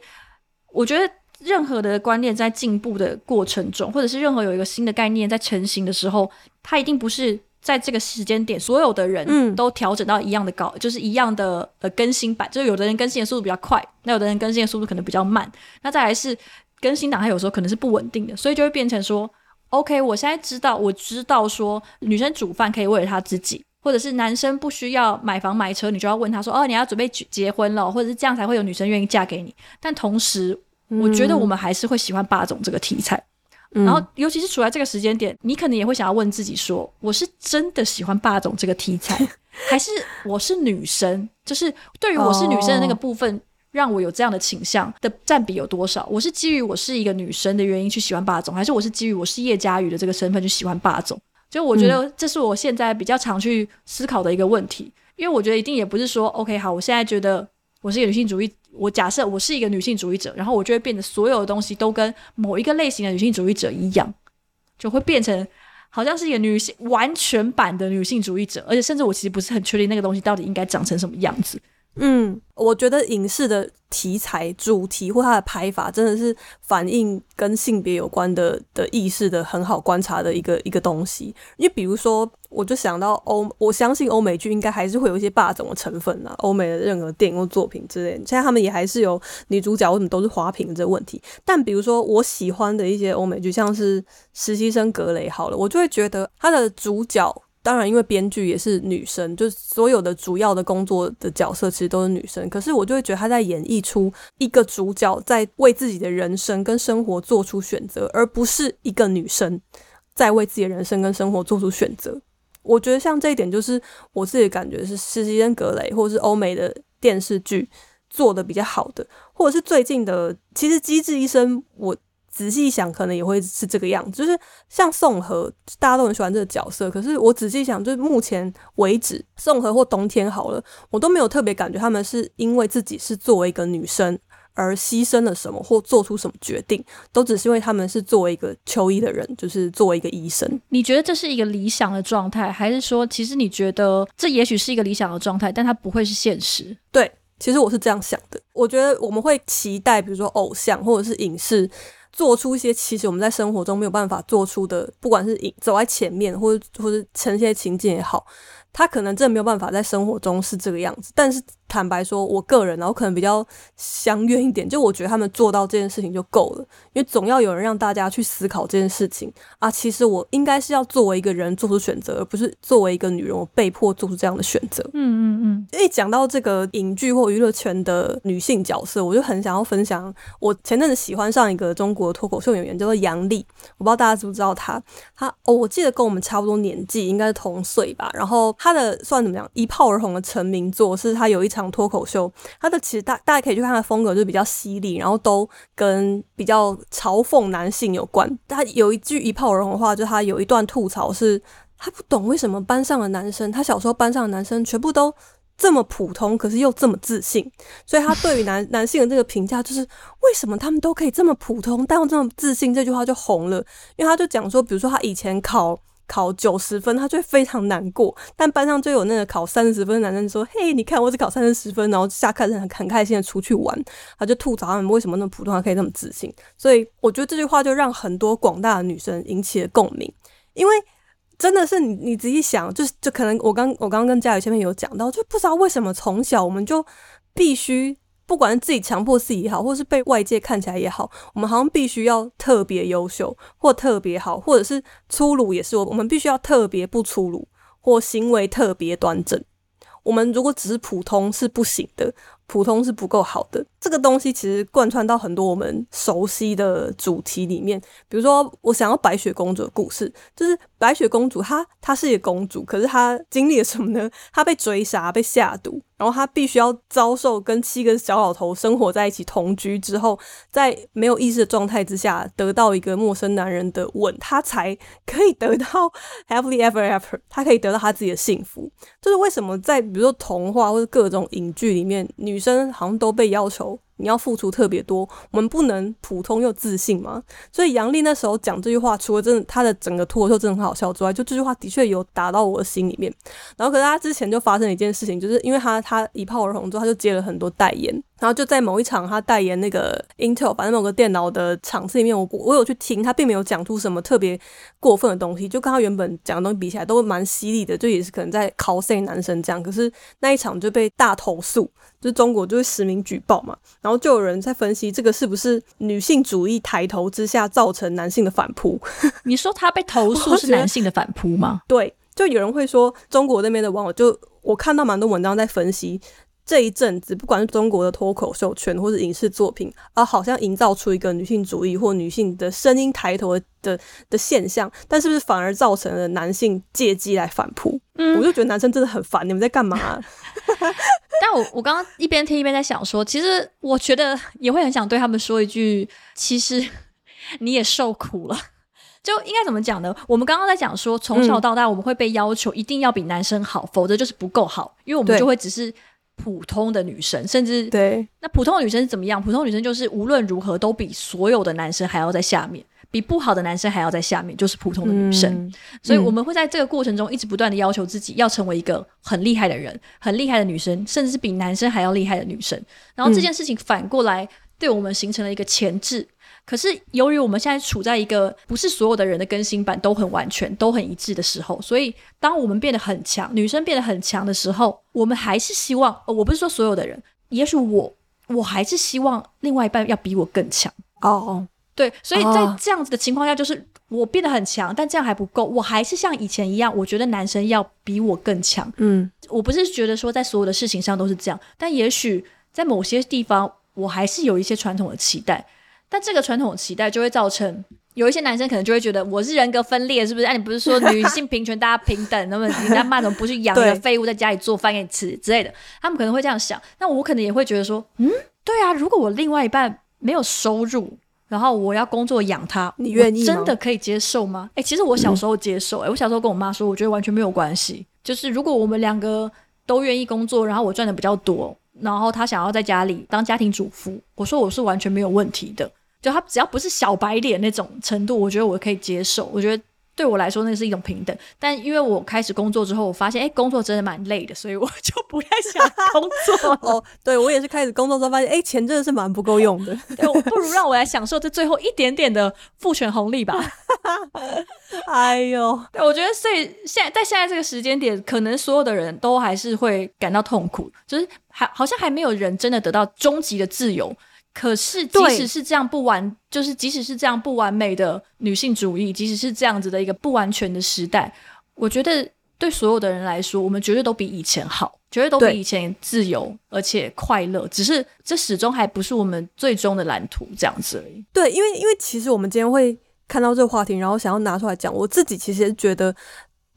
我覺得任何的觀念在進步的過程中，或者是任何有一個新的概念在成型的時候，它一定不是。在這個時間點，所有的人都調整到一樣的高，嗯、就是一樣的呃更新版。就是有的人更新的速度比較快，那有的人更新的速度可能比較慢。那再來是更新檔，它有時候可能是不穩定的，所以就會變成說，OK，我現在知道，我知道說女生煮飯可以為了她自己，或者是男生不需要買房買車，你就要問他說，哦，你要準備結婚了，或者是這樣才會有女生願意嫁給你。但同時，我覺得我們還是會喜歡霸總這個題材。嗯然後，尤其是處在這個時間點，你可能也會想要問自己說：我是真的喜歡霸總這個題材，還是我是女生？ 就是對於我是女生的那個部分，oh. 讓我有這樣的傾向的占比有多少？我是基於我是一個女生的原因去喜歡霸總，還是我是基於我是葉家瑜的這個身份去喜歡霸總？就我覺得這是我現在比較常去思考的一個問題，因為我覺得一定也不是說 OK，好，我現在覺得我是一個女性主義。我假設我是一個女性主義者，然後我就會變得所有的東西都跟某一個類型的女性主義者一樣，就會變成好像是一個女性完全版的女性主義者，而且甚至我其實不是很確定那個東西到底應該長成什麼樣子。嗯，我覺得影視的題材、主題或它的拍法，真的是反映跟性別有關的的意識的很好觀察的一個一個東西。你比如說，我就想到歐，我相信歐美劇應該還是會有一些霸總的成分吶、啊。歐美的任何電影或作品之類的，現在他們也還是有女主角為什麼都是花瓶這個問題。但比如說，我喜歡的一些歐美劇，像是《實習生格雷》好了，我就會覺得它的主角。當然，因為編劇也是女生，就是所有的主要的工作的角色其實都是女生。可是我就會覺得她在演繹出一個主角在為自己的人生跟生活做出選擇，而不是一個女生在為自己的人生跟生活做出選擇。我覺得像這一點，就是我自己感覺是《實習生格雷》或者是歐美的電視劇做得比較好的，或者是最近的，其實《機智醫生》我，仔細想，可能也會是這個樣子，就是像宋和，大家都很喜歡這個角色。可是我仔細想，就是目前為止，宋和或冬天好了，我都沒有特別感覺他們是因為自己是作為一個女生而犧牲了什麼或做出什麼決定，都只是因為他們是作為一個求醫的人，就是作為一個醫生。你覺得這是一個理想的狀態，還是說其實你覺得這也許是一個理想的狀態，但它不會是現實？對，其實我是這樣想的。我覺得我們會期待，比如說偶像或者是影視。做出一些其實我們在生活中沒有辦法做出的，不管是走在前面或是、或者或者呈現情景也好，他可能真的沒有辦法在生活中是這個樣子，但是。坦白說，我個人然後可能比較想遠一點，就我覺得他們做到這件事情就夠了，因為總要有人讓大家去思考這件事情啊。其實我應該是要作為一個人做出選擇，而不是作為一個女人我被迫做出這樣的選擇。嗯嗯嗯。一講到這個影劇或娛樂圈的女性角色，我就很想要分享。我前陣子喜歡上一個中國脫口秀演員，叫做楊笠。我不知道大家知不知道她？她哦，我記得跟我們差不多年紀，應該是同歲吧。然後她的算怎麼講一炮而紅的成名作是，她有一場脫口秀，他的其實大大家可以去看他的風格就比較犀利，然後都跟比較嘲諷男性有關。他有一句一炮而紅的話，就他有一段吐槽是，他不懂為什麼班上的男生，他小時候班上的男生全部都這麼普通，可是又這麼自信。所以他對於男男性的這個評價就是，為什麼他們都可以這麼普通，但又這麼自信？這句話就紅了，因為他就講說，比如說他以前考。考九十分，他就會非常難過。但班上就有那個考三十分的男生說：“嘿，你看我只考三十分，然後下課很很開心的出去玩。”他就吐槽他們為什麼那麼普通，他可以那麼自信。所以我覺得這句話就讓很多廣大的女生引起了共鳴，因為真的是你，你仔細想，就是就可能我剛我剛剛跟家瑜前面有講到，就不知道為什麼從小我們就必須。不管是自己強迫自己也好，或是被外界看起來也好，我們好像必須要特別優秀，或特別好，或者是粗魯也是我，我們必須要特別不粗魯，或行為特別端正。我們如果只是普通是不行的。普通是不夠好的，這個東西其實貫穿到很多我們熟悉的主題裡面。比如說，我想要白雪公主的故事，就是白雪公主她她是一個公主，可是她經歷了什麼呢？她被追殺，被下毒，然後她必須要遭受跟七個小老頭生活在一起、同居之後，在沒有意識的狀態之下，得到一個陌生男人的吻，她才可以得到 happily ever after，她可以得到她自己的幸福。就是為什麼在比如說童話或者各種影劇裡面，女女生好像都被要求你要付出特別多，我們不能普通又自信嘛。所以楊笠那時候講這句話，除了真的她的整個脫口秀真的很好笑之外，就這句話的確有打到我的心裡面。然後可是她之前就發生一件事情，就是因為她她一炮而紅之後，她就接了很多代言。然後就在某一場他代言那個 Intel，反正某個電腦的場次裡面，我我有去聽，他並沒有講出什麼特別過分的東西，就跟他原本講的東西比起來，都蠻犀利的，就也是可能在 cos 男生這樣，可是那一場就被大投訴，就是中國就會實名舉報嘛，然後就有人在分析這個是不是女性主義抬頭之下造成男性的反撲？你說他被投訴是男性的反撲嗎？對，就有人會說中國那邊的網友，就我看到蠻多文章在分析。這一陣子，不管是中國的脫口秀圈或者影視作品，啊，好像營造出一個女性主義或女性的聲音抬頭的的現象，但是不是反而造成了男性借機來反撲？嗯，我就覺得男生真的很煩，你們在幹嘛啊？ 但我我剛剛一邊聽一邊在想說，說其實我覺得也會很想對他們說一句：其實你也受苦了。就應該怎麼講呢？我們剛剛在講說，從小到大，我們會被要求一定要比男生好，否則就是不夠好，因為我們就會只是。普通的女生，甚至對那普通的女生是怎麼樣？普通的女生就是無論如何都比所有的男生還要在下面，比不好的男生還要在下面，就是普通的女生。嗯、所以我們會在這個過程中一直不斷的要求自己，要成為一個很厲害的人，很厲害的女生，甚至是比男生還要厲害的女生。然後這件事情反過來對我們形成了一個鉗制。嗯嗯可是，由於我們現在處在一個不是所有的人的更新版都很完全、都很一致的時候，所以當我們變得很強，女生變得很強的時候，我們還是希望……呃、哦，我不是說所有的人，也許我，我還是希望另外一半要比我更強哦。Oh. 對，所以在這樣子的情況下，就是我變得很強，oh. 但這樣還不夠，我還是像以前一樣，我覺得男生要比我更強。嗯，我不是覺得說在所有的事情上都是這樣，但也許在某些地方，我還是有一些傳統的期待。那這個傳統期待就會造成有一些男生可能就會覺得我是人格分裂，是不是？哎、啊，你不是說女性平權， 大家平等？那麼人家罵怎麼不去養個廢物在家裡做飯給你吃之類的？他們可能會這樣想。那我可能也會覺得說，嗯，對啊，如果我另外一半沒有收入，然後我要工作養他，你願意真的可以接受嗎？哎、欸，其實我小時候接受。哎、嗯，我小時候跟我媽說，我覺得完全沒有關係。就是如果我們兩個都願意工作，然後我賺的比較多，然後他想要在家裡當家庭主婦，我說我是完全沒有問題的。就他只要不是小白臉那種程度，我覺得我可以接受。我覺得對我來說，那是一種平等。但因為我開始工作之後，我發現，哎、欸，工作真的蠻累的，所以我就不太想工作了。 哦、對我也是開始工作之後發現，哎、欸，錢真的是蠻不夠用的。對，我不如讓我來享受這最後一點點的父權紅利吧。 哎呦。對，我覺得，所以現在在現在這個時間點，可能所有的人都還是會感到痛苦，就是還好像還沒有人真的得到終極的自由。可是，即使是這樣不完，對就是即使是這樣不完美的女性主義，即使是這樣子的一個不完全的時代，我覺得對所有的人來說，我們絕對都比以前好，絕對都比以前自由而且快樂。對只是這始終還不是我們最終的藍圖，這樣子而已。對，因為因為其實我們今天會看到這個話題，然後想要拿出來講，我自己其實覺得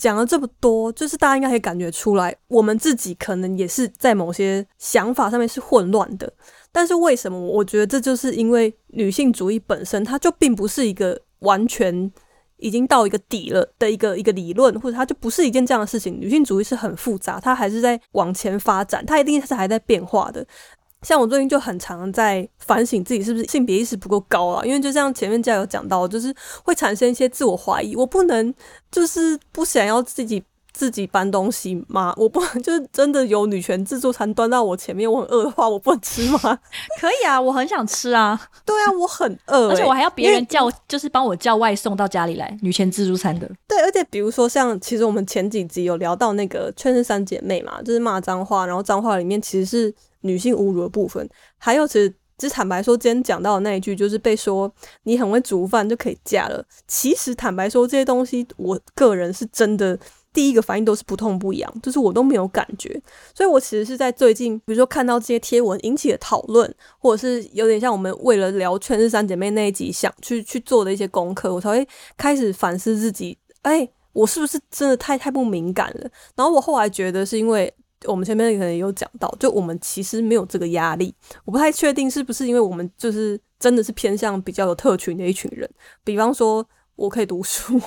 講了這麼多，就是大家應該可以感覺出來，我們自己可能也是在某些想法上面是混亂的。但是為什麼？我覺得這就是因為女性主義本身，它就並不是一個完全已經到一個底了的一個一個理論，或者它就不是一件這樣的事情。女性主義是很複雜，它還是在往前發展，它一定是還在變化的。像我最近就很常在反省自己是不是性別意識不夠高啊，因為就像前面家瑜講到，就是會產生一些自我懷疑，我不能就是不想要自己，自己搬東西嗎？我不就是真的有女權自助餐端到我前面，我很餓的話，我不能吃嗎？ 可以啊，我很想吃啊。 對啊，我很餓、欸，而且我還要別人叫，為就是幫我叫外送到家裡來女權自助餐的。對，而且比如說像，其實我們前幾集有聊到那個《勸世三姐妹》嘛，就是罵髒話，然後髒話裡面其實是女性侮辱的部分。還有，其實就是、坦白說，今天講到的那一句，就是被說你很會煮飯就可以嫁了。其實坦白說，這些東西，我個人是真的，第一個反應都是不痛不癢，就是我都沒有感覺，所以我其實是在最近，比如說看到這些貼文引起的討論，或者是有點像我們為了聊《圈日三姐妹》那一集想去去做的一些功課，我才會開始反思自己，哎、欸，我是不是真的太太不敏感了？然後我後來覺得是因為我們前面可能也有講到，就我們其實沒有這個壓力，我不太確定是不是因為我們就是真的是偏向比較有特權的一群人，比方說。我可以讀書，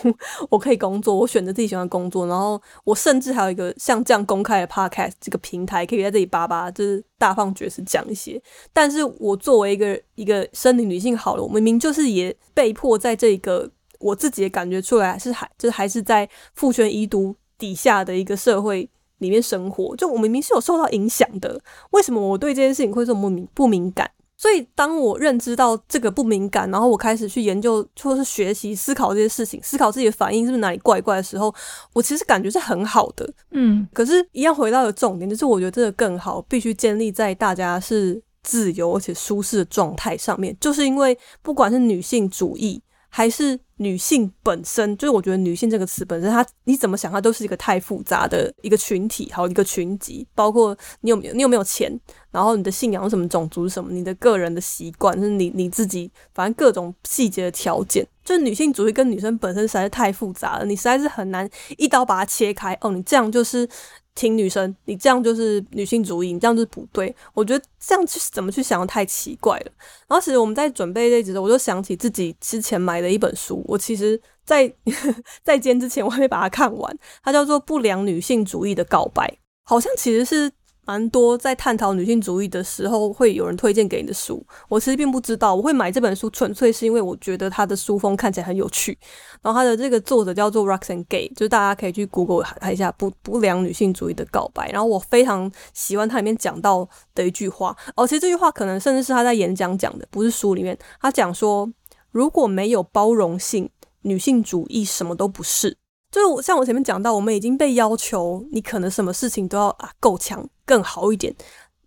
我可以工作，我選擇自己喜歡的工作，然後我甚至還有一個像這樣公開的 podcast 這個平台，可以在這裡叭叭，就是大放厥詞講一些。但是我作為一個一個生理女性，好了，我明明就是也被迫在這個我自己也感覺出來還是，還就是還是在父權遺毒底下的一個社會裡面生活，就我明明是有受到影響的，為什麼我對這件事情會這麼敏不敏感？所以，當我認知到這個不敏感，然後我開始去研究，或是學習思考這些事情，思考自己的反應是不是哪裡怪怪的時候，我其實感覺是很好的。嗯，可是，一樣回到了重點，就是我覺得這個更好，必須建立在大家是自由而且舒適的狀態上面。就是因為，不管是女性主義，還是女性本身，就是我覺得“女性”這個詞本身，它你怎麼想，它都是一個太複雜的一個群體，好一個群集。包括你有沒有，你有沒有錢？然後你的信仰什麼，種族什麼，你的個人的習慣是你、你自己，反正各種細節的條件，就是女性主義跟女生本身實在是太複雜了，你實在是很難一刀把它切開。哦，你這樣就是挺女生，你這樣就是女性主義，你這樣就是不對。我覺得這樣去怎麼去想的太奇怪了。然後其實我們在準備這集的時候，我就想起自己之前買的一本書，我其實在， 在在監之前我還沒把它看完，它叫做《不良女性主義的告白》，好像其實是。蠻多在探討女性主義的時候，會有人推薦給你的書。我其實並不知道，我會買這本書，純粹是因為我覺得它的書封看起來很有趣。然後它的這個作者叫做 Roxane Gay，就是大家可以去 Google 看一下不《不不良女性主義的告白》。然後我非常喜歡它裡面講到的一句話，哦，其實這句話可能甚至是他在演講講的，不是書裡面。他講說，如果沒有包容性，女性主義什麼都不是。就是我像我前面講到，我們已經被要求，你可能什麼事情都要啊，夠強更好一點。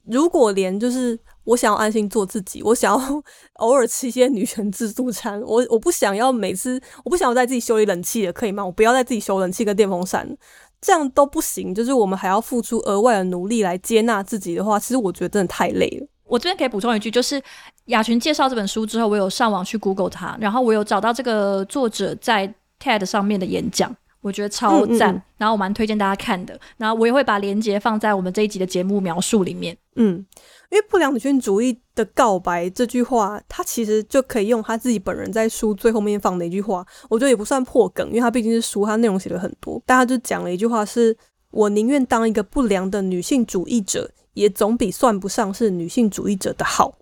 如果連就是我想要安心做自己，我想要偶爾吃一些女權自助餐，我我不想要每次，我不想要再自己修理冷氣也可以嗎？我不要再自己修冷氣跟電風扇，這樣都不行。就是我們還要付出額外的努力來接納自己的話，其實我覺得真的太累了。我這邊可以補充一句，就是雅群介紹這本書之後，我有上網去 Google 它，然後我有找到這個作者在 TED 上面的演講。我覺得超讚，然後我蠻推薦大家看的。然後我也會把連結放在我們這一集的節目描述裡面。嗯，因為不良女性主義的告白這句話，它其實就可以用她自己本人在書最後面放的一句話，我覺得也不算破梗，因為她畢竟是書，她內容寫了很多，但她就講了一句話是：是我寧願當一個不良的女性主義者，也總比算不上是女性主義者的好。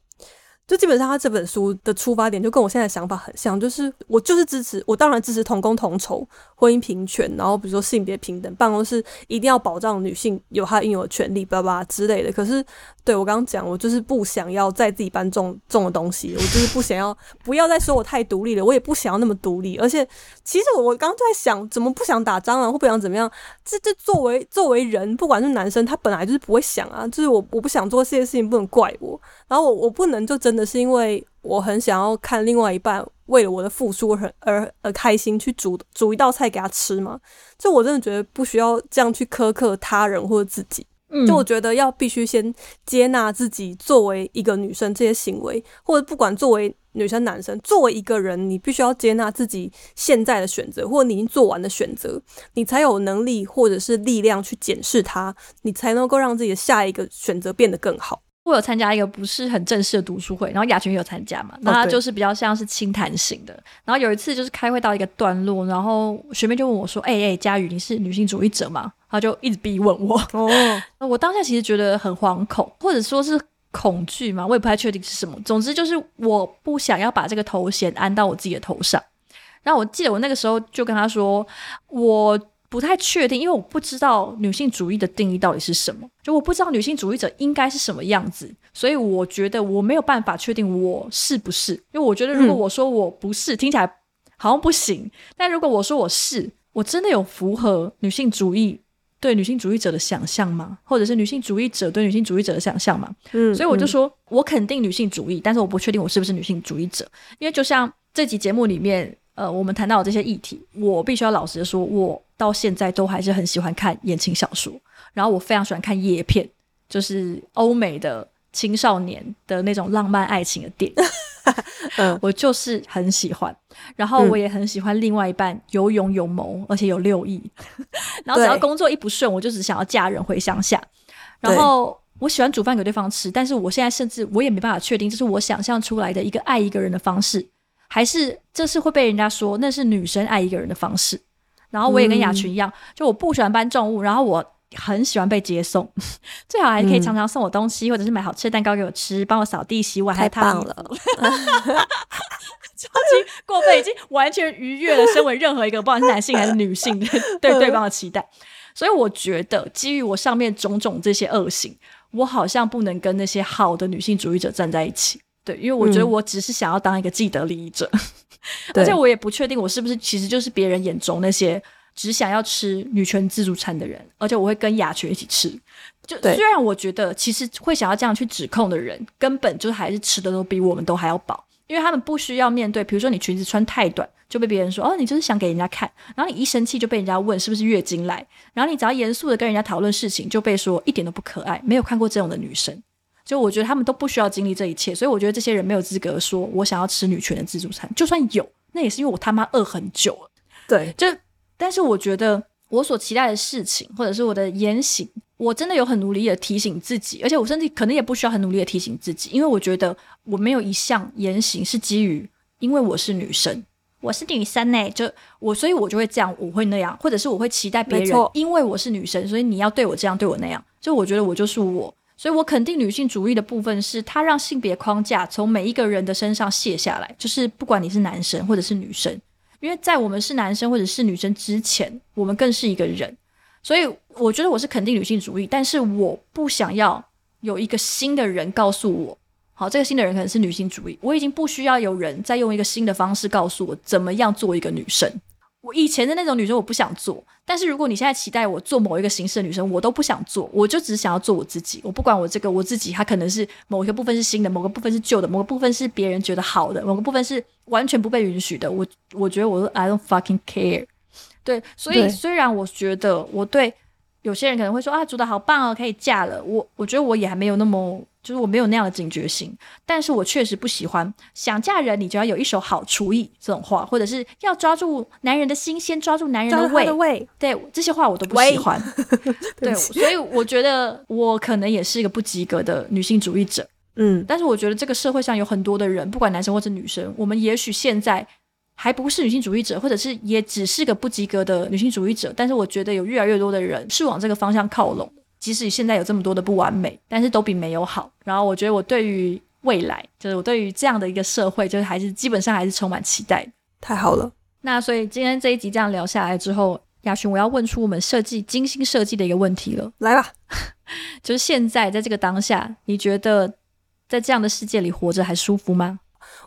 就基本上，他這本書的出發點就跟我現在想法很像，就是我就是支持，我當然支持同工同酬、婚姻平權，然後比如說性別平等、辦公室一定要保障女性有她應有的權利，吧啦之類的。可是，對我剛剛講，我就是不想要再自己搬重重的東西，我就是不想要，不要再說我太獨立了，我也不想要那麼獨立。而且，其實我剛在想，怎麼不想打蟑螂，啊，或不想怎麼樣？這這作為作為人，不管是男生，他本來就是不會想啊，就是我我不想做這些事情，不能怪我。然後我我不能就真的是因為我很想要看另外一半為了我的付出而很而而開心去煮煮一道菜給他吃嘛，就我真的覺得不需要這樣去苛刻他人或者自己。嗯，就我覺得要必須先接納自己作為一個女生這些行為，或者不管作為女生男生，作為一個人，你必須要接納自己現在的選擇，或者你已經做完的選擇，你才有能力或者是力量去檢視它，你才能夠讓自己的下一個選擇變得更好。我有參加一個不是很正式的讀書會，然後雅群也有參加嘛，那他就是比較像是清談型的。Oh, 對然後有一次就是開會到一個段落，然後學妹就問我說：“欸、欸，家瑜，你是女性主義者嗎？”他就一直逼問我。哦，oh. 我當下其實覺得很惶恐，或者說是恐懼嘛，我也不太確定是什麼。總之就是我不想要把這個頭銜安到我自己的頭上。然後我記得我那個時候就跟他說：“我。”不太確定，因為我不知道女性主義的定義到底是什麼，就我不知道女性主義者應該是什麼樣子，所以我覺得我沒有辦法確定我是不是。因為我覺得如果我說我不是，嗯、聽起來好像不行；但如果我說我是，我真的有符合女性主義對女性主義者的想象嗎？或者是女性主義者對女性主義者的想象嗎？嗯，所以我就說我肯定女性主義，嗯、但是我不確定我是不是女性主義者，因為就像這集節目裡面。呃，我們談到這些議題，我必須要老實的說，我到現在都還是很喜歡看言情小說，然後我非常喜歡看葉片，就是歐美的青少年的那種浪漫愛情的電影， 嗯、我就是很喜歡。然後我也很喜歡另外一半、嗯、有勇有謀，而且有六藝。 然後只要工作一不順，對我就只想要嫁人回鄉下。然後我喜歡煮飯給對方吃，對但是我現在甚至我也沒辦法確定，這是我想象出來的一個愛一個人的方式。還是這是會被人家說那是女生愛一個人的方式。然後我也跟雅群一樣，嗯、就我不喜歡搬重物，然後我很喜歡被接送，最好還可以常常送我東西，嗯、或者是買好吃的蛋糕給我吃，幫我掃地、洗碗，太棒了！ 超級過分，已經完全愉悅逾越了身為任何一個， 不管是男性還是女性，對對方的期待。所以我覺得，基於我上面種種這些惡行，我好像不能跟那些好的女性主義者站在一起。對，因為我覺得我只是想要當一個既得利益者，嗯、而且我也不確定我是不是其實就是別人眼中那些只想要吃女權自助餐的人，而且我會跟雅群一起吃。就對雖然我覺得其實會想要這樣去指控的人，根本就是還是吃的都比我們都還要飽，因為他們不需要面對，比如說你裙子穿太短就被別人說哦，你就是想給人家看，然後你一生氣就被人家問是不是月經來，然後你只要嚴肅的跟人家討論事情就被說一點都不可愛，沒有看過這種的女生。就我覺得他們都不需要經歷這一切，所以我覺得這些人沒有資格說我想要吃女權的自助餐。就算有，那也是因為我他媽餓很久了。對，就但是我覺得我所期待的事情，或者是我的言行，我真的有很努力的提醒自己，而且我甚至可能也不需要很努力的提醒自己，因為我覺得我沒有一項言行是基於因為我是女生，我是女生呢、欸。就我，所以我就會這樣，我會那樣，或者是我會期待別人，沒錯，因為我是女生，所以你要對我這樣，對我那樣。就我覺得我就是我。所以，我肯定女性主義的部分是，它讓性別框架從每一個人的身上卸下來，就是不管你是男生或者是女生，因為在我們是男生或者是女生之前，我們更是一個人。所以，我覺得我是肯定女性主義，但是我不想要有一個新的人告訴我，好，這個新的人可能是女性主義，我已經不需要有人再用一個新的方式告訴我怎麼樣做一個女生。我以前的那種女生我不想做，但是如果你現在期待我做某一個形式的女生，我都不想做，我就只是想要做我自己。我不管我這個我自己，它可能是某一個部分是新的，某個部分是舊的，某個部分是別人覺得好的，某個部分是完全不被允許的。我我覺得我 I don't fucking care。對，所以雖然我覺得我對。有些人可能會說啊，煮得好棒哦，可以嫁了。我我覺得我也還沒有那麼，就是我沒有那樣的警覺心。但是，我確實不喜歡想嫁人，你就要有一手好廚藝這種話，或者是要抓住男人的心，先抓住男人的胃。的胃，對，這些話我都不喜歡。喂 對，起對，所以我覺得我可能也是一個不及格的女性主義者。嗯，但是我覺得這個社會上有很多的人，不管男生或者女生，我們也許現在。還不是女性主義者，或者是也只是個不及格的女性主義者，但是我覺得有越來越多的人是往這個方向靠攏，即使現在有這麼多的不完美，但是都比沒有好。然後我覺得我對於未來，就是我對於這樣的一個社會，就是還是基本上還是充滿期待。太好了，那所以今天這一集這樣聊下來之後，雅群，我要問出我們設計精心設計的一個問題了，來吧， 就是現在在這個當下，你覺得在這樣的世界裡活着還舒服嗎？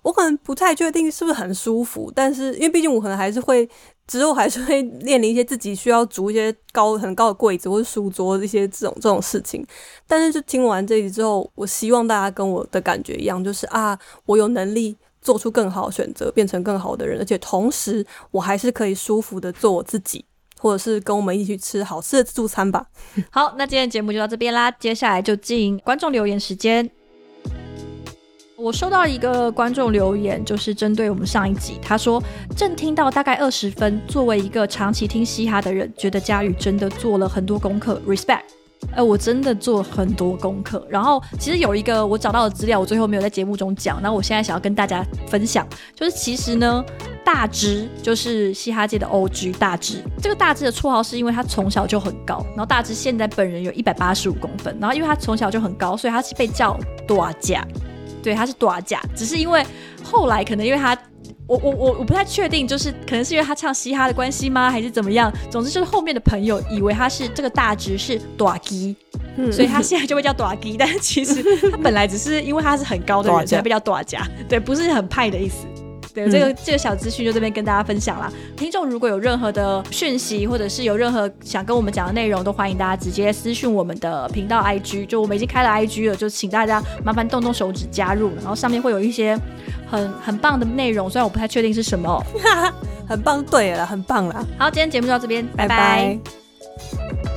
我可能不太確定是不是很舒服，但是因為畢竟我可能還是會之後還是會面臨一些自己需要組一些高、很高的櫃子或者書桌一些這種這種事情。但是就聽完這集之後，我希望大家跟我的感覺一樣，就是啊，我有能力做出更好的選擇，變成更好的人，而且同時我還是可以舒服的做我自己，或者是跟我們一起去吃好吃的自助餐吧。好，那今天節目就到這邊啦，接下來就進觀眾留言時間。我收到一個觀眾留言，就是針對我們上一集。他說正聽到大概二十分，作為一個長期聽嘻哈的人，覺得家瑜真的做了很多功課，respect。呃我真的做了很多功課。然後其實有一個我找到的資料，我最後沒有在節目中講。那我現在想要跟大家分享，就是其實呢，大支就是嘻哈界的 OG，大支。這個大支的綽號是因為他從小就很高，然後大支現在本人有一百八十五公分。然後因為他從小就很高，所以他是被叫多瓦對，他是朵甲，只是因為後來可能因為他，我我我我不太確定，就是可能是因為他唱嘻哈的關係嗎，還是怎麼樣？總之就是後面的朋友以為他是這個大直是朵吉，嗯、所以他現在就會叫朵吉，嗯、但是其實他本來只是因為他是很高的人， 所以才被叫朵甲，對，不是很派的意思。對，這個這個小資訊就這邊跟大家分享啦。聽眾如果有任何的訊息，或者是有任何想跟我們講的內容，都歡迎大家直接私訊我們的頻道 IG，就我們已經開了 IG 了，就請大家麻煩動動手指加入，然後上面會有一些很很棒的內容，雖然我不太確定是什麼， 很棒，對了，很棒了。好，今天節目就到這邊，拜拜。拜拜。